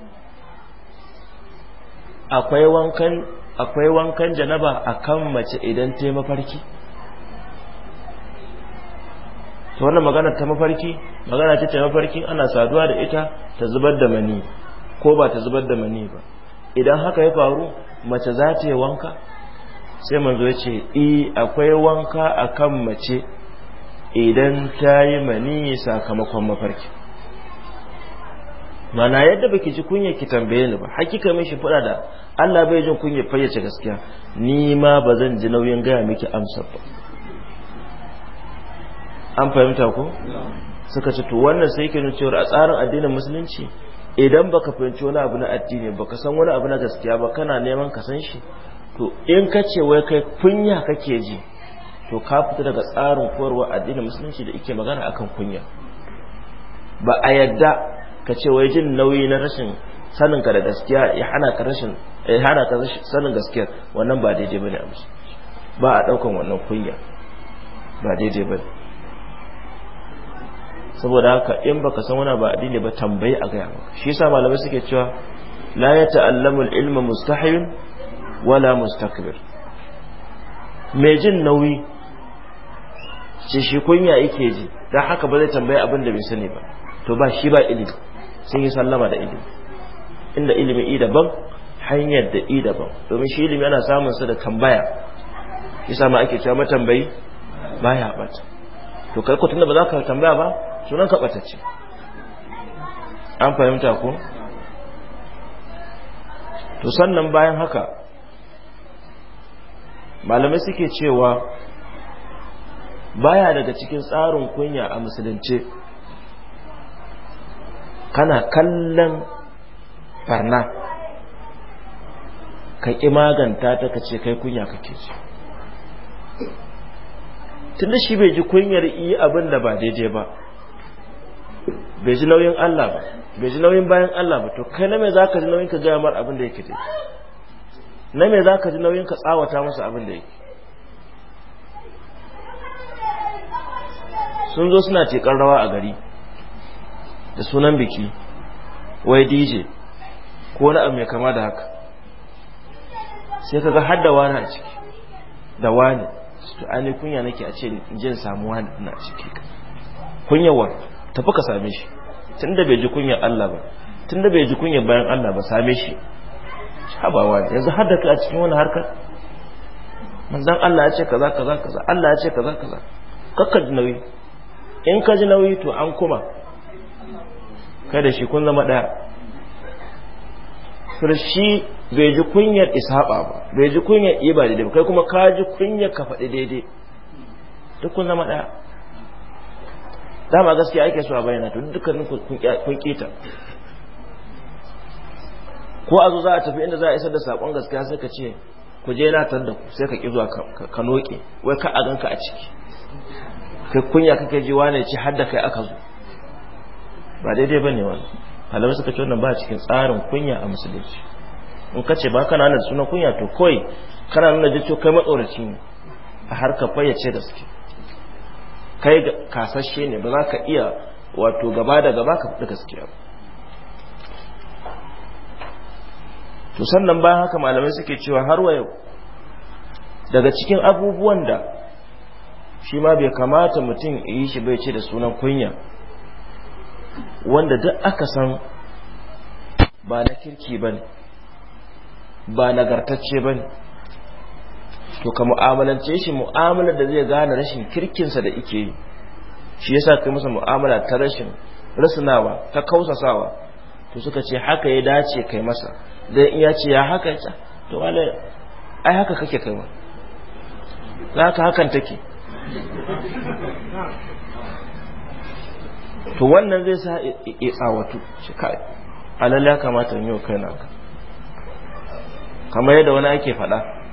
akwai wankan akwai wankan janaba akan mace idan ta mafarki to wannan magana ta mafarki magana ce ta mafarki ana saduwa da ita ta zubar da mani ko ba ta zubar da mani ba idan haka ya faru mace za ta yi wanka sai manzo ya ce eh akwai wanka akan mace idan ta yi mani sakamakon mafarki mana yadda baki ji kunya ki tambaye ni ba hakika mai shi fada da Allah bai jin kunya fayyace gaskiya ni ma bazan ji nauyin gaya miki amsar ba an fahimta ko suka ce to wannan sai yake nuna cewa a tsarin addinin musulunci idan baka fahimci wani abu na addini baka san wani abu na gaskiya ba kana neman ka san shi to in ka ce wai kai kunya kake ji to ka fita daga tsarin koyarwa addinin musulunci da yake magana akan kunya ba a yadda ka ce wai jin nauyi na rashin sanin ka da gaskiya ya hana ka rashin ya hana ka sanin gaskiya wannan ba daidai bane a ba a daukan wannan kunya ba daidai bane saboda haka in baka san wani ba addini ba tambayi a gaya maka shi yasa malamai suke cewa la ya ta'allamu al-ilma mustahil wala mustakbir mai jin nauyi shi shi kunya yake ji dan haka ba zai tambayi abin da bai sani ba to ba shi ba ilimi sun yi sallama da ilimi inda ilimi i daban hanyar da i daban domin shi ilimi ana samun sa da tambaya yasa ma ake cewa matambayi baya bata to kai ko tunda ba za ka tambaya ba sunan ka an fahimta ko to sannan bayan haka malamai suke cewa baya daga cikin tsarin kunya a musulunci kana kallon farna ka ƙi maganta ta ka ce kai kunya kake ce tunda shi bai ji kunyar iya abin da ba daidai ba bai ji nauyin Allah ba bai ji nauyin bayan Allah ba to kai na me ka ji nauyin ka gaya mar abin da yake dai na me ka ji nauyin ka tsawata masa abin da yake sun zo suna tekar rawa a gari da sunan biki wai DJ ko wani abu mai kama da haka sai kaga har da wani a ciki da wani su ani kunya nake a ce jin samuwa na ciki kunyawar tafi ka same shi tunda bai ji kunyar Allah ba tunda bai ji kunyar bayan Allah ba same shi shabawa yanzu har da a cikin wani harka. manzan Allah ya ce kaza kaza kaza Allah ya ce kaza kaza kakka ji nauyi in ka ji nauyi to an kuma kai da shi kun zama ɗaya shi bai ji kunyar isaba ba bai ji kunyar iba daidai kai kuma ka ji kunyar ka faɗi daidai duk kun zama ɗaya dama gaskiya ake so a bayyana to dukkanin kun keta ko a zo za a tafi inda za a isar da sakon gaskiya sai ka ce ku je na tan da ku sai ka ki zuwa ka noke wai ka a ganka a ciki kai kunya kake ji wane ci har da kai aka zo ba daidai bane wannan malamai suka ce wannan ba cikin tsarin kunya a musulunci in ka ce ba kana nan sunan kunya to koi kana nuna ji kai matsoraci ne a harkar fayyace gaske. kai kasashe ne ba za ka iya wato gaba da gaba ka fi gaskiya ba to sannan bayan haka malamai suke cewa har wa yau daga cikin abubuwan da shi ma bai kamata mutum yi shi bai ce da sunan kunya wanda duk aka san ba na kirki ba ne ba nagartacce ba ne to ka mu'amalance shi mu'amalar da zai gane rashin kirkinsa da ike yi shi yasa kai masa mu'amala ta rashin rasunawa ta kausasawa to suka ce haka ya dace kai masa dan iya ce ya haka ya to wala ai haka kake kai ma za ka hakan take to wannan zai sa ya tsawatu shi kai alalla kamata yau kai naka kamar yadda wani ake faɗa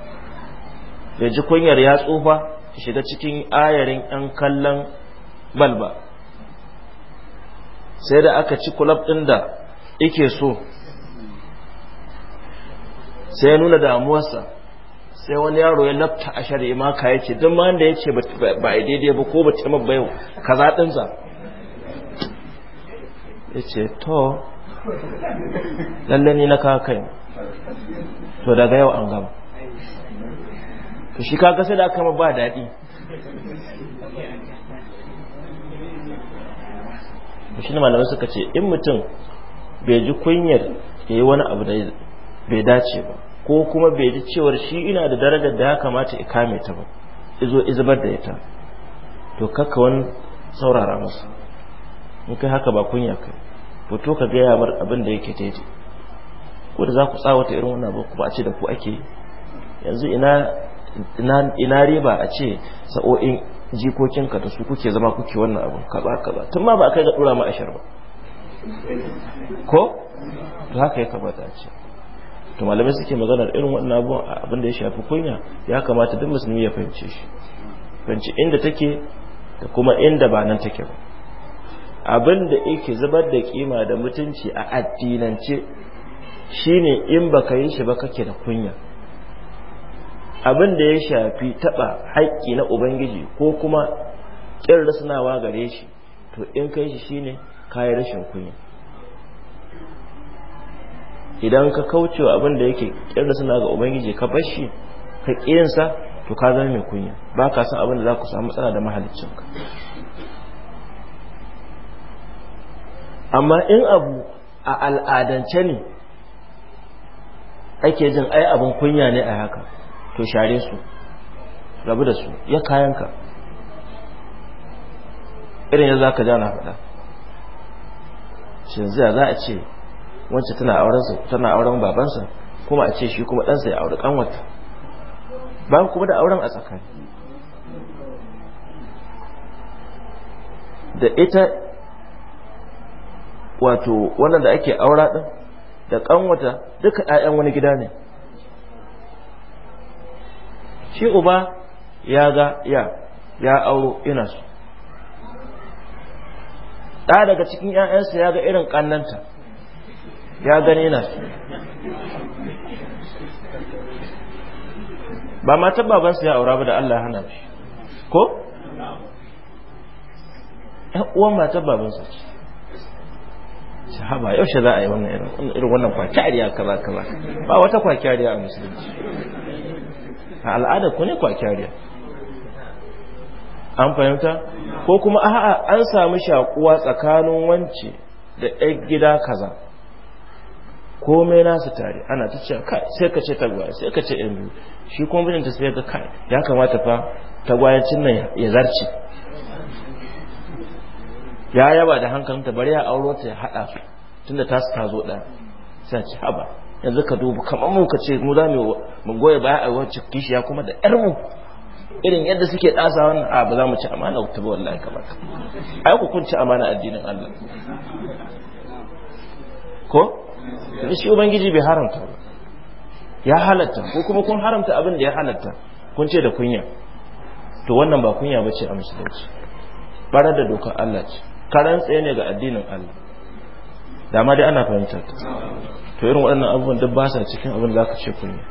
bai ji kunyar ya tsufa ta shiga cikin ayarin 'yan kallon balba sai da aka ci kulab ɗin da ike so sai ya nuna damuwarsa sai wani yaro ya lafta a shari'a maka ya ce don ma da ya ce ba a daidai ba ko ba ta mabba yau ka zaɗinsa ya ce to lallani na kakai to daga yau an gama Ka shi kaga sai da aka ba daɗi shi ne malamai suka ce in mutum bai ji kunyar ya yi wani abu da bai dace ba ko kuma bai ji cewar shi ina da darajar da ya kamata ya kame ta ba izo izabar da ita to kakka wani saurara masa in kai haka ba kunya kai to ka gaya mar abin da yake daidai ko da za ku tsawata irin wannan abu ba a ce da ku ake yanzu ina ina riba a ce sa'o'in jikokinka da su kuke zama kuke wannan abin kaza kaza tun ma ba kai ga dora ma ashar ba ko to haka ya kamata a ce to malamai suke maganar irin wannan abu abin da ya shafi kunya ya kamata duk musulmi ya fahimce shi fahimci inda take da kuma inda ba nan take ba abin da yake zubar da kima da mutunci a addinance shine in baka yi shi ba kake da kunya abin da ya shafi taɓa haƙƙi na ubangiji ko kuma ƙin rasnawa gare shi to in kai shi shine kayi rashin kunya idan ka kaucewa abin da yake ƙin rasna ga ubangiji ka bar shi ka ƙiyansa to ka zama mai kunya ba ka san abin da za ku samu matsala da mahalicinka amma in abu a al'adance ne ake jin ai abin kunya ne a haka to share su rabu da su ya kayanka irin ya za ka jana faɗa shin zai za a ce wacce tana auren tana auren babansa kuma a ce shi kuma ɗansa ya auri ƙanwata bayan kuma da auren a tsakani da ita wato wannan da ake aura ɗin da ƙanwata duka 'ya'yan wani gida ne shi uba ya ga ya ya auro ina su ɗa daga cikin 'ya'yansa ya ga irin ƙannanta ya gani ina su ba matan babansa ya aura ba da Allah hana shi ko? ‘yan uwan matan babansa ce sahaba yaushe za a yi wannan irin wannan ya kaza kaza ba wata ya a musulunci a al'ada ku ne kwakyariya an fahimta ko kuma a'a an samu shakuwa tsakanin wance da ɗan gida kaza komai nasu tare ana ta cewa kai sai ka ce tagwaye sai ka ce yan biyu shi kuma bijinta sai ga kai ya kamata fa tagwayancin nan ya zarce ya yaba da hankalinta bari ya auro ta ya haɗa tunda ta su ta zo ɗaya sai ce haba yanzu ka dubu kamar mu ka ce mu za mu goya baya a wacce kishiya kuma da ƴar mu irin yadda suke ɗasa wannan a ba za mu ci amana ta ba wallahi kamar ka ai ku kun ci amana addinin Allah ko da shi ubangiji bai haramta ba ya halatta ko kuma kun haramta abin da ya halatta kun ce da kunya to wannan ba kunya ba ce a musulunci barar da dokar Allah ce karan tsaye ne ga addinin Allah dama dai ana fahimta ta to irin waɗannan abubuwan duk ba sa cikin abin da zaka ce kunya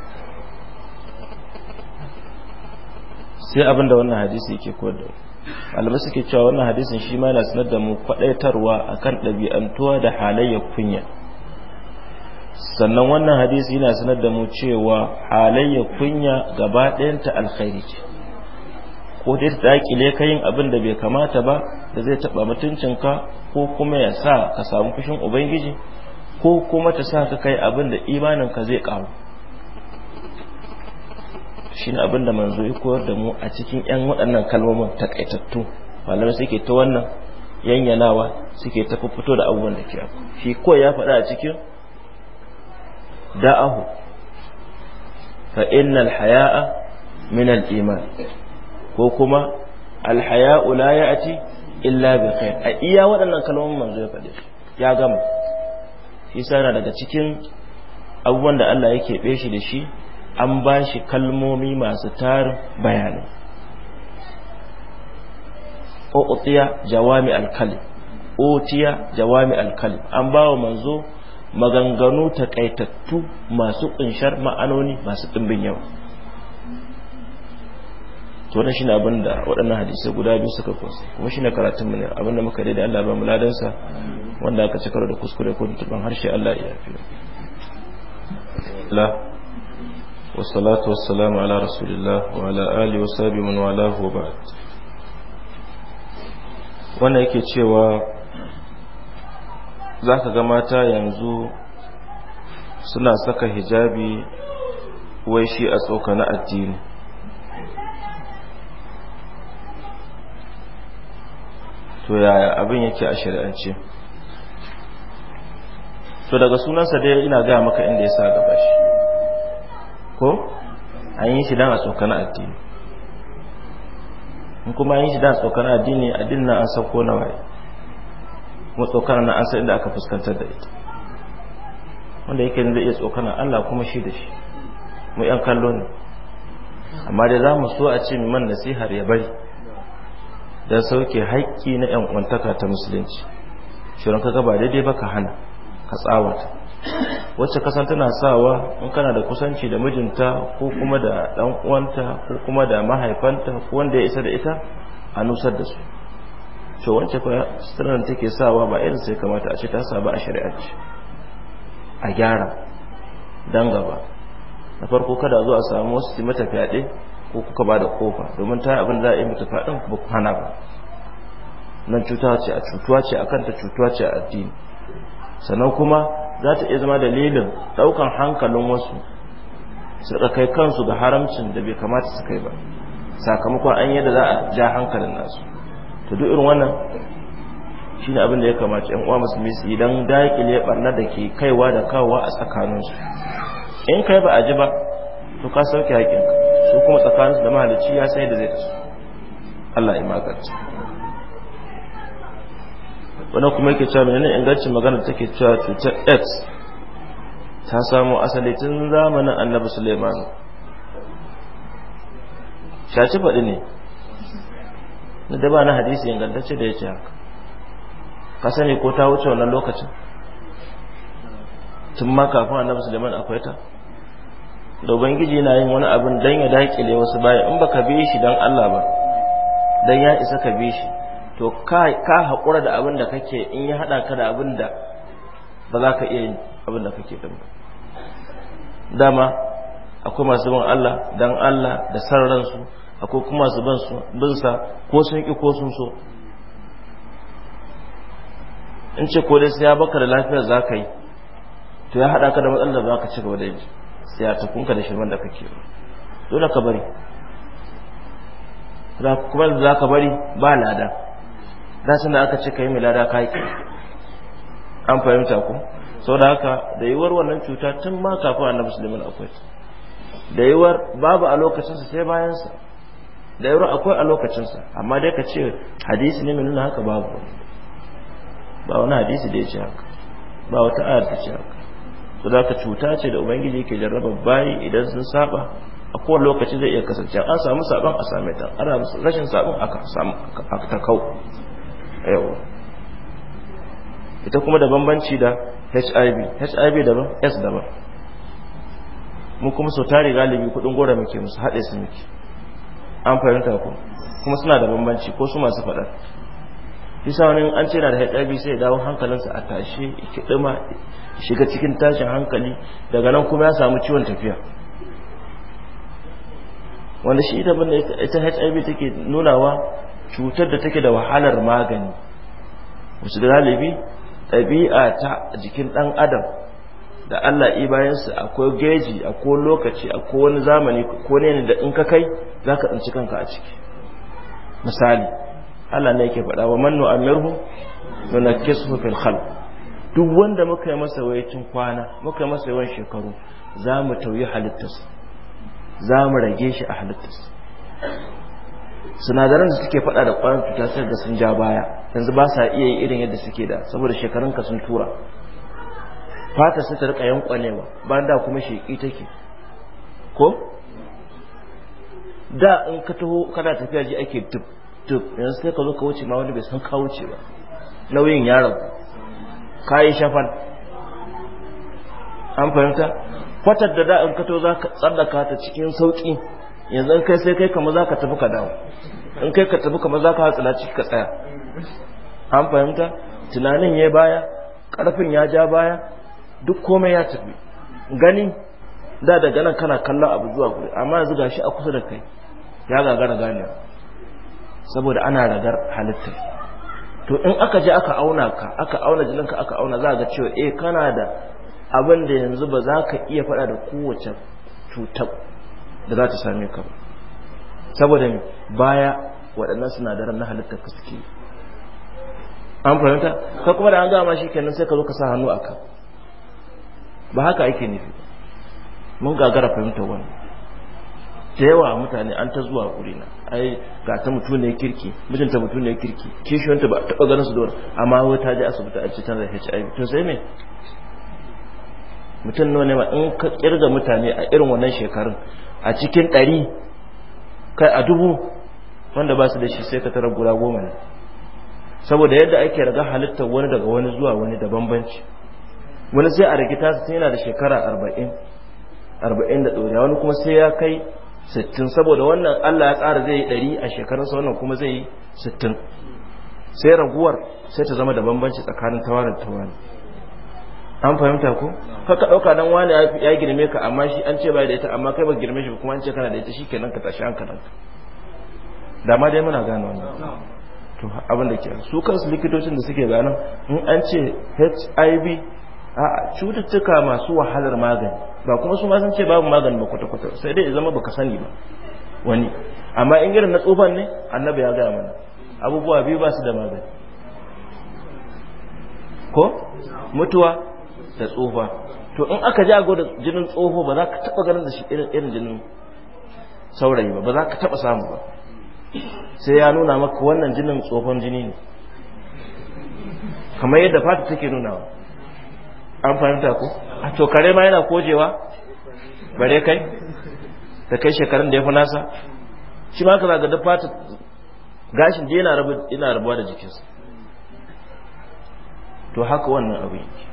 sai abin da wannan hadisi yake koyar da suke cewa wannan hadisin shi ma yana sanar da mu a akan ɗabi'antuwa da halayyar kunya sannan wannan hadisi yana sanar da mu cewa halayyar kunya gaba ɗayanta alkhairi ce ko dai ta dakile ka yin abin da bai kamata ba da zai taɓa mutuncinka ko kuma ya sa ka samu fushin ubangiji ko kuma ta sa ka kai abin da imaninka zai karu shi ne abin da manzo ya koyar da mu a cikin 'yan waɗannan kalmomin takaitattu malamai suke ta wannan yanyanawa suke ta fito da abubuwan da ke abu shi ko ya faɗa a cikin da'ahu fa inna alhaya'a min al iman ko kuma alhaya'u la ya'ti illa bi khair a iya waɗannan kalmomin manzo ya faɗe ya gama isa yana daga cikin abubuwan da Allah yake keɓe shi da shi an ba shi kalmomi masu tarin bayanai otiya jawami alkalim otiya jawami alkali an ba wa manzo maganganu takaitattu masu kunshar ma'anoni masu ɗimbin yawa to wannan shine abin da waɗannan hadisai guda biyu suka kunsa kuma shine karatun mu ne abin da muka da Allah ba mu ladan sa wanda aka ci karo da kuskure ko tuban harshe Allah ya yafi la wa salatu wa salamu ala rasulillah wa ala ali wa sabi man walahu ba'd wannan yake cewa zaka ga mata yanzu suna saka hijabi wai shi a tsoka na addini to yaya abin yake a shari'ance to daga sunansa dai ina gaya maka inda ya sa gaba shi ko an yi shi don a tsokana addini in kuma an yi shi don a tsokana addini addinin na an san ko na waye kuma tsokana na an san inda aka fuskantar da ita wanda yake zai iya tsokana Allah kuma shi da shi mu yan kallo ne amma dai za mu so a ce man nasihar ya bari Dan sauke haƙƙi na ‘yan uwantaka ta musulunci shirin ka ba daidai ba ka hana ka tsawata wacce kasan tana sawa in kana da kusanci da mijinta ko kuma da ɗan uwanta ko kuma da mahaifanta ko wanda ya isa da ita a nusar da su to wance fa sirrin take sawa ba irin sai kamata a ce ta sa ba a shari'arci a gyara dan gaba na farko kada zo a samu wasu mata fyaɗe ko kuka ba da kofa domin ta abin za a yi mata faɗin ba ku hana ba nan cuta ce a cutuwa ce a kanta cutuwa ce a addini sannan kuma za ta iya zama dalilin ɗaukan hankalin wasu su kai kansu ga haramcin da bai kamata su kai ba sakamakon an yadda za a ja hankalin nasu to duk irin wannan shine abin da ya kamata yan uwa musulmi su idan dakile barna da ke kaiwa da kawowa a tsakaninsu in kai ba a ji ba to ka sauke haƙinka su kuma tsakanin da mahalicci ya sai da zai da su Allah ya magance wani kuma yake cewa menene ingancin magana take cewa cutar AIDS ta samo asali tun zamanin Annabi Sulaiman shaci faɗi ne na daba na hadisi ingantacce da ya ce haka ka sani ko ta wuce wannan lokacin tun ma kafin Annabi Sulaiman akwai ta da ubangiji yana yin wani abin dan ya dakile wasu baya in baka bi shi dan Allah ba dan ya isa ka bi shi to ka ka hakura da abin da kake in ya hada ka da abin da ba za ka iya yin abin da kake din ba dama akwai masu bin Allah dan Allah da sarran su akwai kuma su bin su bin sa ko sun ki ko sun so in ce ko dai sai ya baka da lafiyar za ka yi to ya hada ka da matsalar da ba ka ci gaba da yi sai a tukunka da shirman da kake dole ka bari kuma da za ka bari ba lada da aka ce ka yi mai lada ka yi an fahimta ku sau da haka da yiwuwar wannan cuta tun ma kafin annabi sulaiman akwai da yiwuwar babu a lokacinsa sai bayansa da yiwuwar akwai a lokacinsa amma dai ka ce hadisi ne mai nuna haka babu ba wani hadisi da ya ce haka ba wata ayar ta ce haka su za ka cuta ce da ubangiji ke jarraba bayi idan sun saba a kowane lokaci zai iya kasance an samu saban a same ta ana rashin saban aka samu ta kau Yau. ita kuma da bambanci da hiv hiv daban s daban mu kuma sau tari galibi kudin gora muke musu haɗe su muke an fahimta ku kuma suna da bambanci ko su masu faɗa bisa wani an ce na da HIV sai dawo hankalinsa a tashe ya shiga cikin tashin hankali daga nan kuma ya samu ciwon tafiya wanda shi ita banda ita HIV take nunawa cutar da take da wahalar magani wasu da galibi ɗabi'a ta jikin ɗan adam da Allah bayan su akwai geji akwai lokaci akwai wani zamani ko ne da in ka kai za ka tsinci kanka a ciki misali Allah ne yake faɗa wa man nu'ammirhu nunakkisuhu fil khalq duk wanda muka yi masa wayacin kwana muka yi masa yawan shekaru za mu tauyi halittas za mu rage shi a halittas. sinadaran da suke faɗa da ƙwarin cuta sai da sun ja baya yanzu ba sa iya yi irin yadda suke da saboda shekarun ka sun tura fata sai ta rika yankwanewa bayan da kuma sheƙi take ko da in ka taho kana tafiya ji ake duk to yanzu sai ka zo ka wuce ma wani bai san ka wuce ba nauyin yaron ka yi shafan an fahimta kwatar da da'in ka to za ka tsallaka ta cikin sauƙi yanzu kai sai kai kama za ka tafi ka dawo in kai ka tafi kama za ka hatsala ciki ka tsaya an fahimta tunanin ya baya ƙarfin ya ja baya duk komai ya tafi gani da daga nan kana kallon abu zuwa guri amma yanzu gashi a kusa da kai ya gagara ganewa saboda ana ragar halittar to in aka je aka auna ka aka auna jininka aka auna za ga cewa eh kana da abin da yanzu ba za ka iya faɗa da kowace cutar da za ta same ka saboda baya waɗannan sinadaran na halittar ka suke an fahimta ka kuma da an gama shi kenan sai ka zo ka sa hannu a ka ba haka ake nufi mun gagara fahimtar wani da yawa mutane an ta zuwa wurina ai ga ta mutu ne kirki mijinta mutu ne kirki kishiyonta ba taɓa ganin su da wani amma wai ta je asibiti a cikin da HIV to sai me mutum nawa ne ma in ka kirga mutane a irin wannan shekarun a cikin ɗari kai a dubu wanda ba su da shi sai ka tara guda goma ne saboda yadda ake raga halittar wani daga wani zuwa wani da bambanci wani sai a rigita su yana da shekara arba'in arba'in da ɗoriya wani kuma sai ya kai sittin saboda wannan Allah ya tsara zai yi ɗari a shekarunsa wannan kuma zai yi sittin sai raguwar sai ta zama da bambanci tsakanin tawarin tawarin an fahimta ku. kaka ɗauka don wani ya girme ka amma shi an ce bai da ita amma kai ba girme shi ba kuma an ce kana da ita shi kenan ka tashi an ka da ma dai muna gane wannan to abin da ke su kansu likitocin da suke gano in an ce HIV a cututtuka masu wahalar magani ba kuma su ma san ce babu magani ba kwata-kwata sai dai ya zama baka sani ba wani amma in irin na tsofan ne annabi ya gaya mana abubuwa biyu ba su da magani ko mutuwa da tsofa? to in aka ji ago da jinin tsofa ba za ka taba ganin da shi irin jinin saurayi ba ba za ka taba samu ba sai ya nuna maka wannan jinin tsofan jini ne kamar yadda fata take nunawa an fahimta ko a to kare ma yana kojewa bare kai da kai shekarun da ya fi nasa shi ma ka zaga duk fata gashin da yana rabuwa da jikinsa to haka wannan abu yake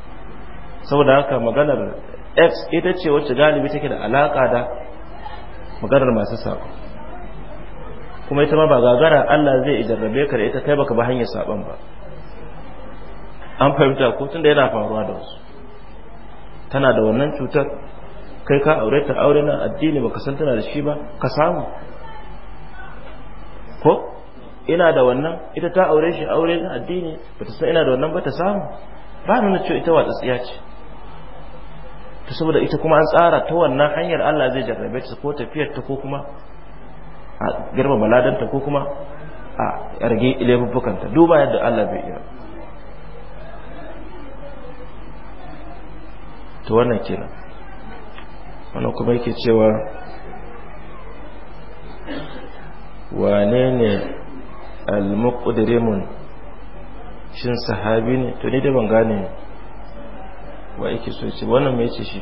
saboda haka maganar x ita ce wacce galibi take da alaka da maganar masu sako kuma ita ma ba gagara Allah zai idarrabe ka da ita kai baka ba hanyar saban ba an fahimta ko da yana faruwa da wasu tana da wannan cutar kai ka aure ta aure na addini baka san tana da shi ba ka samu ko ina da wannan ita ta aure shi aure na addini bata san ina da wannan ba ta samu ba nuna cewa ita tsiya ce to saboda ita kuma an tsara ta wannan hanyar Allah zai jarrabe ta ko tafiyar ta ko kuma a girma baladanta ko kuma a rage ilebubbukan ta duba yadda Allah bai iya to wannan kenan wannan kuma yake cewa wane ne al-muqdirimun shin sahabi ne to ni da ban gane wa yake so ce wannan mai ce shi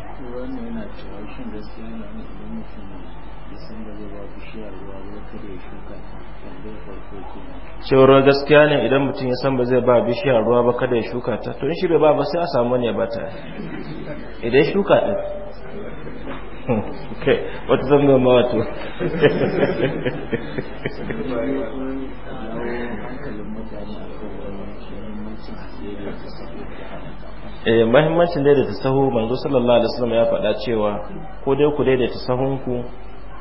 cewar gaskiya ne idan mutum ya san ba zai ba bishiya ruwa ba kada ya shuka ta to in shi bai ba ba sai a samu ne ba ta idan shuka ɗin kai wata zanga ma wato eh muhimmancin daidaita sahu manzo sallallahu alaihi wasallam ya faɗa cewa ko dai ku daidaita sahunku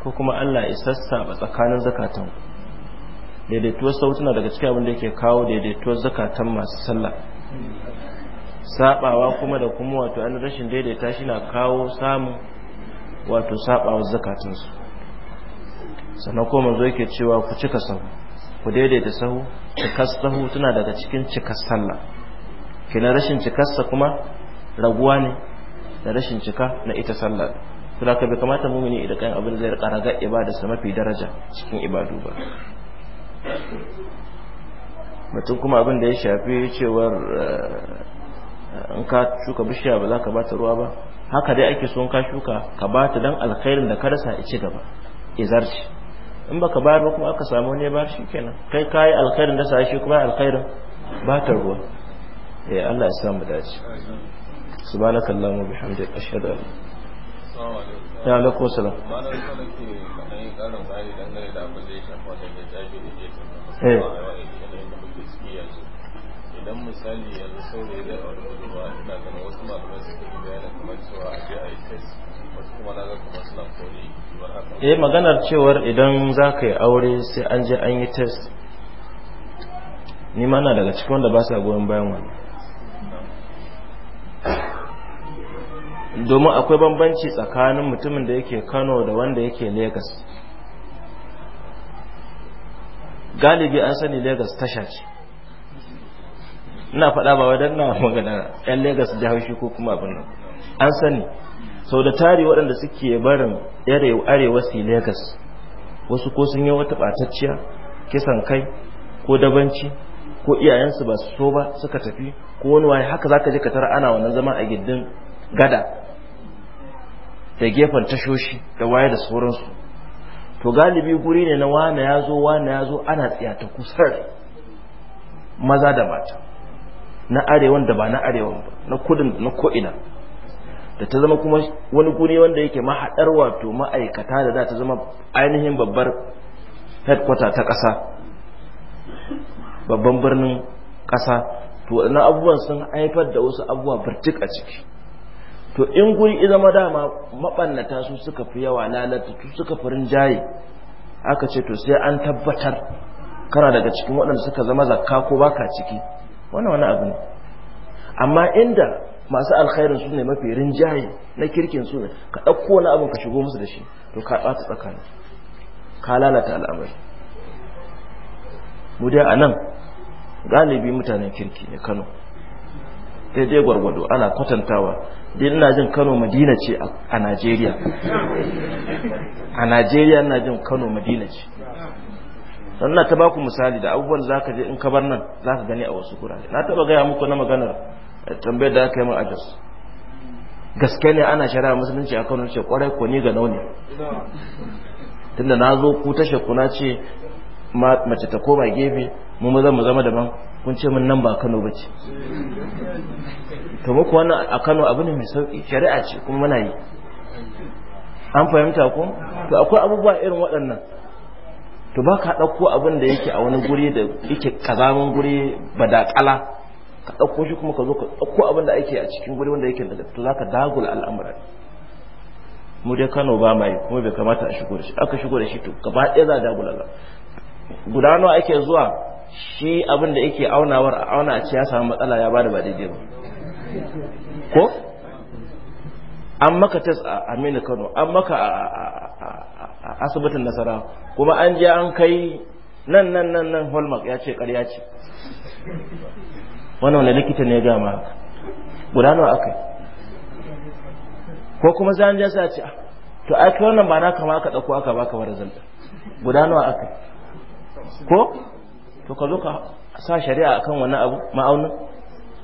ko kuma Allah ya sassaba tsakanin zakatan daidaituwar sautuna daga cikin abin da yake kawo daidaituwar zakatan masu sallah sabawa kuma da kuma wato an rashin daidaita shi na kawo samun wato sabawa su sannan ko manzo yake cewa ku cika sahu ku daidaita sahu cika sahu tana daga cikin cika sallah kina rashin cikarsa kuma raguwa ne da rashin cika na ita sallah ka bai kamata mumini idan kan abin zai rika raga ibadarsa mafi daraja cikin ibadu ba mutum kuma abin da ya shafi cewar eh, in ka shuka bishiya ba za ka bata ruwa ba haka dai ake so in ka shuka ka bata dan alkhairin da ka rasa a ci gaba izarci in baka bayar ba kuma aka samu ne ba shi kenan kai kayi alkhairin da sa shi kuma alkhairin bata ruwa eh Allah ya samu dace subhanakallahumma bihamdika ashhadu an la ya alaikun salam eh. idan misali yanzu saurayi budurwa ina ganin wasu malamai suka yi bayanin kamar cewa a je a yi test wasu kuma na ga kuma suna eh maganar cewar idan za ka yi aure sai an je an yi test ni ma na daga cikin wanda ba sa goyon bayan wani domin akwai bambanci tsakanin mutumin da yake kano da wanda yake Legas. galibi an sani Legas tasha ce ina faɗa ba wadan na magana yan Legas da haushi ko kuma abin nan an sani sau da tari waɗanda suke barin arewa su Legas, wasu ko sun yi wata ɓatacciya kisan kai ko dabanci ko iyayensu ba su so ba suka tafi ko wani waye haka zaka je ka tara ana wannan zama a gindin gada da gefen tashoshi da waye da sauransu to galibi guri ne na wane ya zo wane ya zo ana ta kusar maza da mata na arewan da ba na arewan ba na kudin na ko'ina da ta zama kuma wani guri wanda yake mahaɗar wato ma'aikata da za ta zama ainihin babbar headquarter ta ƙasa babban birnin ƙasa to na abubuwan sun haifar da wasu abubuwa birtik a ciki to in guri zama dama mabannata su suka fi yawa lalata su suka fi rinjaye aka ce to sai an tabbatar kana daga cikin waɗanda suka zama zakka ko baka ciki wannan wani abu ne amma inda masu alkhairin su ne mafi rinjaye na kirkin su ne ka ɗauko wani abin ka shigo musu da shi to ka ɓata tsakani ka lalata al'amari mu dai a nan galibi mutanen kirki ne kano daidai gwargwado ana kwatantawa din ina jin Kano Madina ce a Najeriya a Najeriya ina jin Kano Madina ce sannan ta ta baku misali da abubuwan za ka je in ka bar nan ka gani a wasu gurare na taba gaya muku na maganar eh, tambayar da aka yi min a gaske ne ana shari'a musulunci a Kano ce kwarai kwani ga nauni tunda na zo ku tashe kuna ce mace ta koma gefe mu maza mu zama daban kun ce mun nan ba Kano bace to muku wannan a Kano abu ne mai sauki shari'a ce kuma muna yi an fahimta ko to akwai abubuwa irin waɗannan to ba ka ɗauko abin da yake a wani guri da yake kazamin guri badakala ka ɗauko shi kuma ka zo ka ɗauko abin da ake a cikin guri wanda yake da to za ka dagula al'amuran mu dai Kano ba mai kuma bai kamata a shigo da shi aka shigo da shi to gaba ɗaya za a dagula guda ake zuwa shi abin da yake aunawar a auna a ce ya samu matsala ya bada ba daidai ba ko an maka tes a aminu kano an maka a asibitin nasara kuma an je an kai nan nan nan nan holmark ya ce karya ce wannan wani likita ne ya gama haka guda nawa aka yi ko kuma za an je sa ce ah, to aka wannan ba na kama aka ɗauko aka baka wa rezulta guda nawa aka yi ko to ka zo ka sa shari'a akan wani abu ma'aunin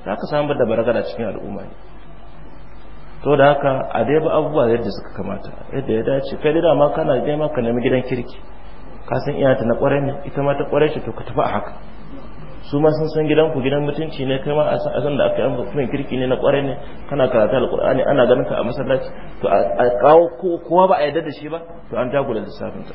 za ka samu da baragada cikin al'umma ne to da haka a dai ba abubuwa yadda suka kamata yadda ya dace kai da ma kana dai ma ka nemi gidan kirki ka san iyata na kwarai ne ita ma ta kwarai ce to ka tafi a haka su ma sun san gidanku gidan mutunci ne kai ma a san da aka yi amfani kirki ne na kwarai ne kana karatu alkur'ani ana ganin ka a masallaci to a kawo kowa ba a yarda da shi ba to an dagula lissafin ta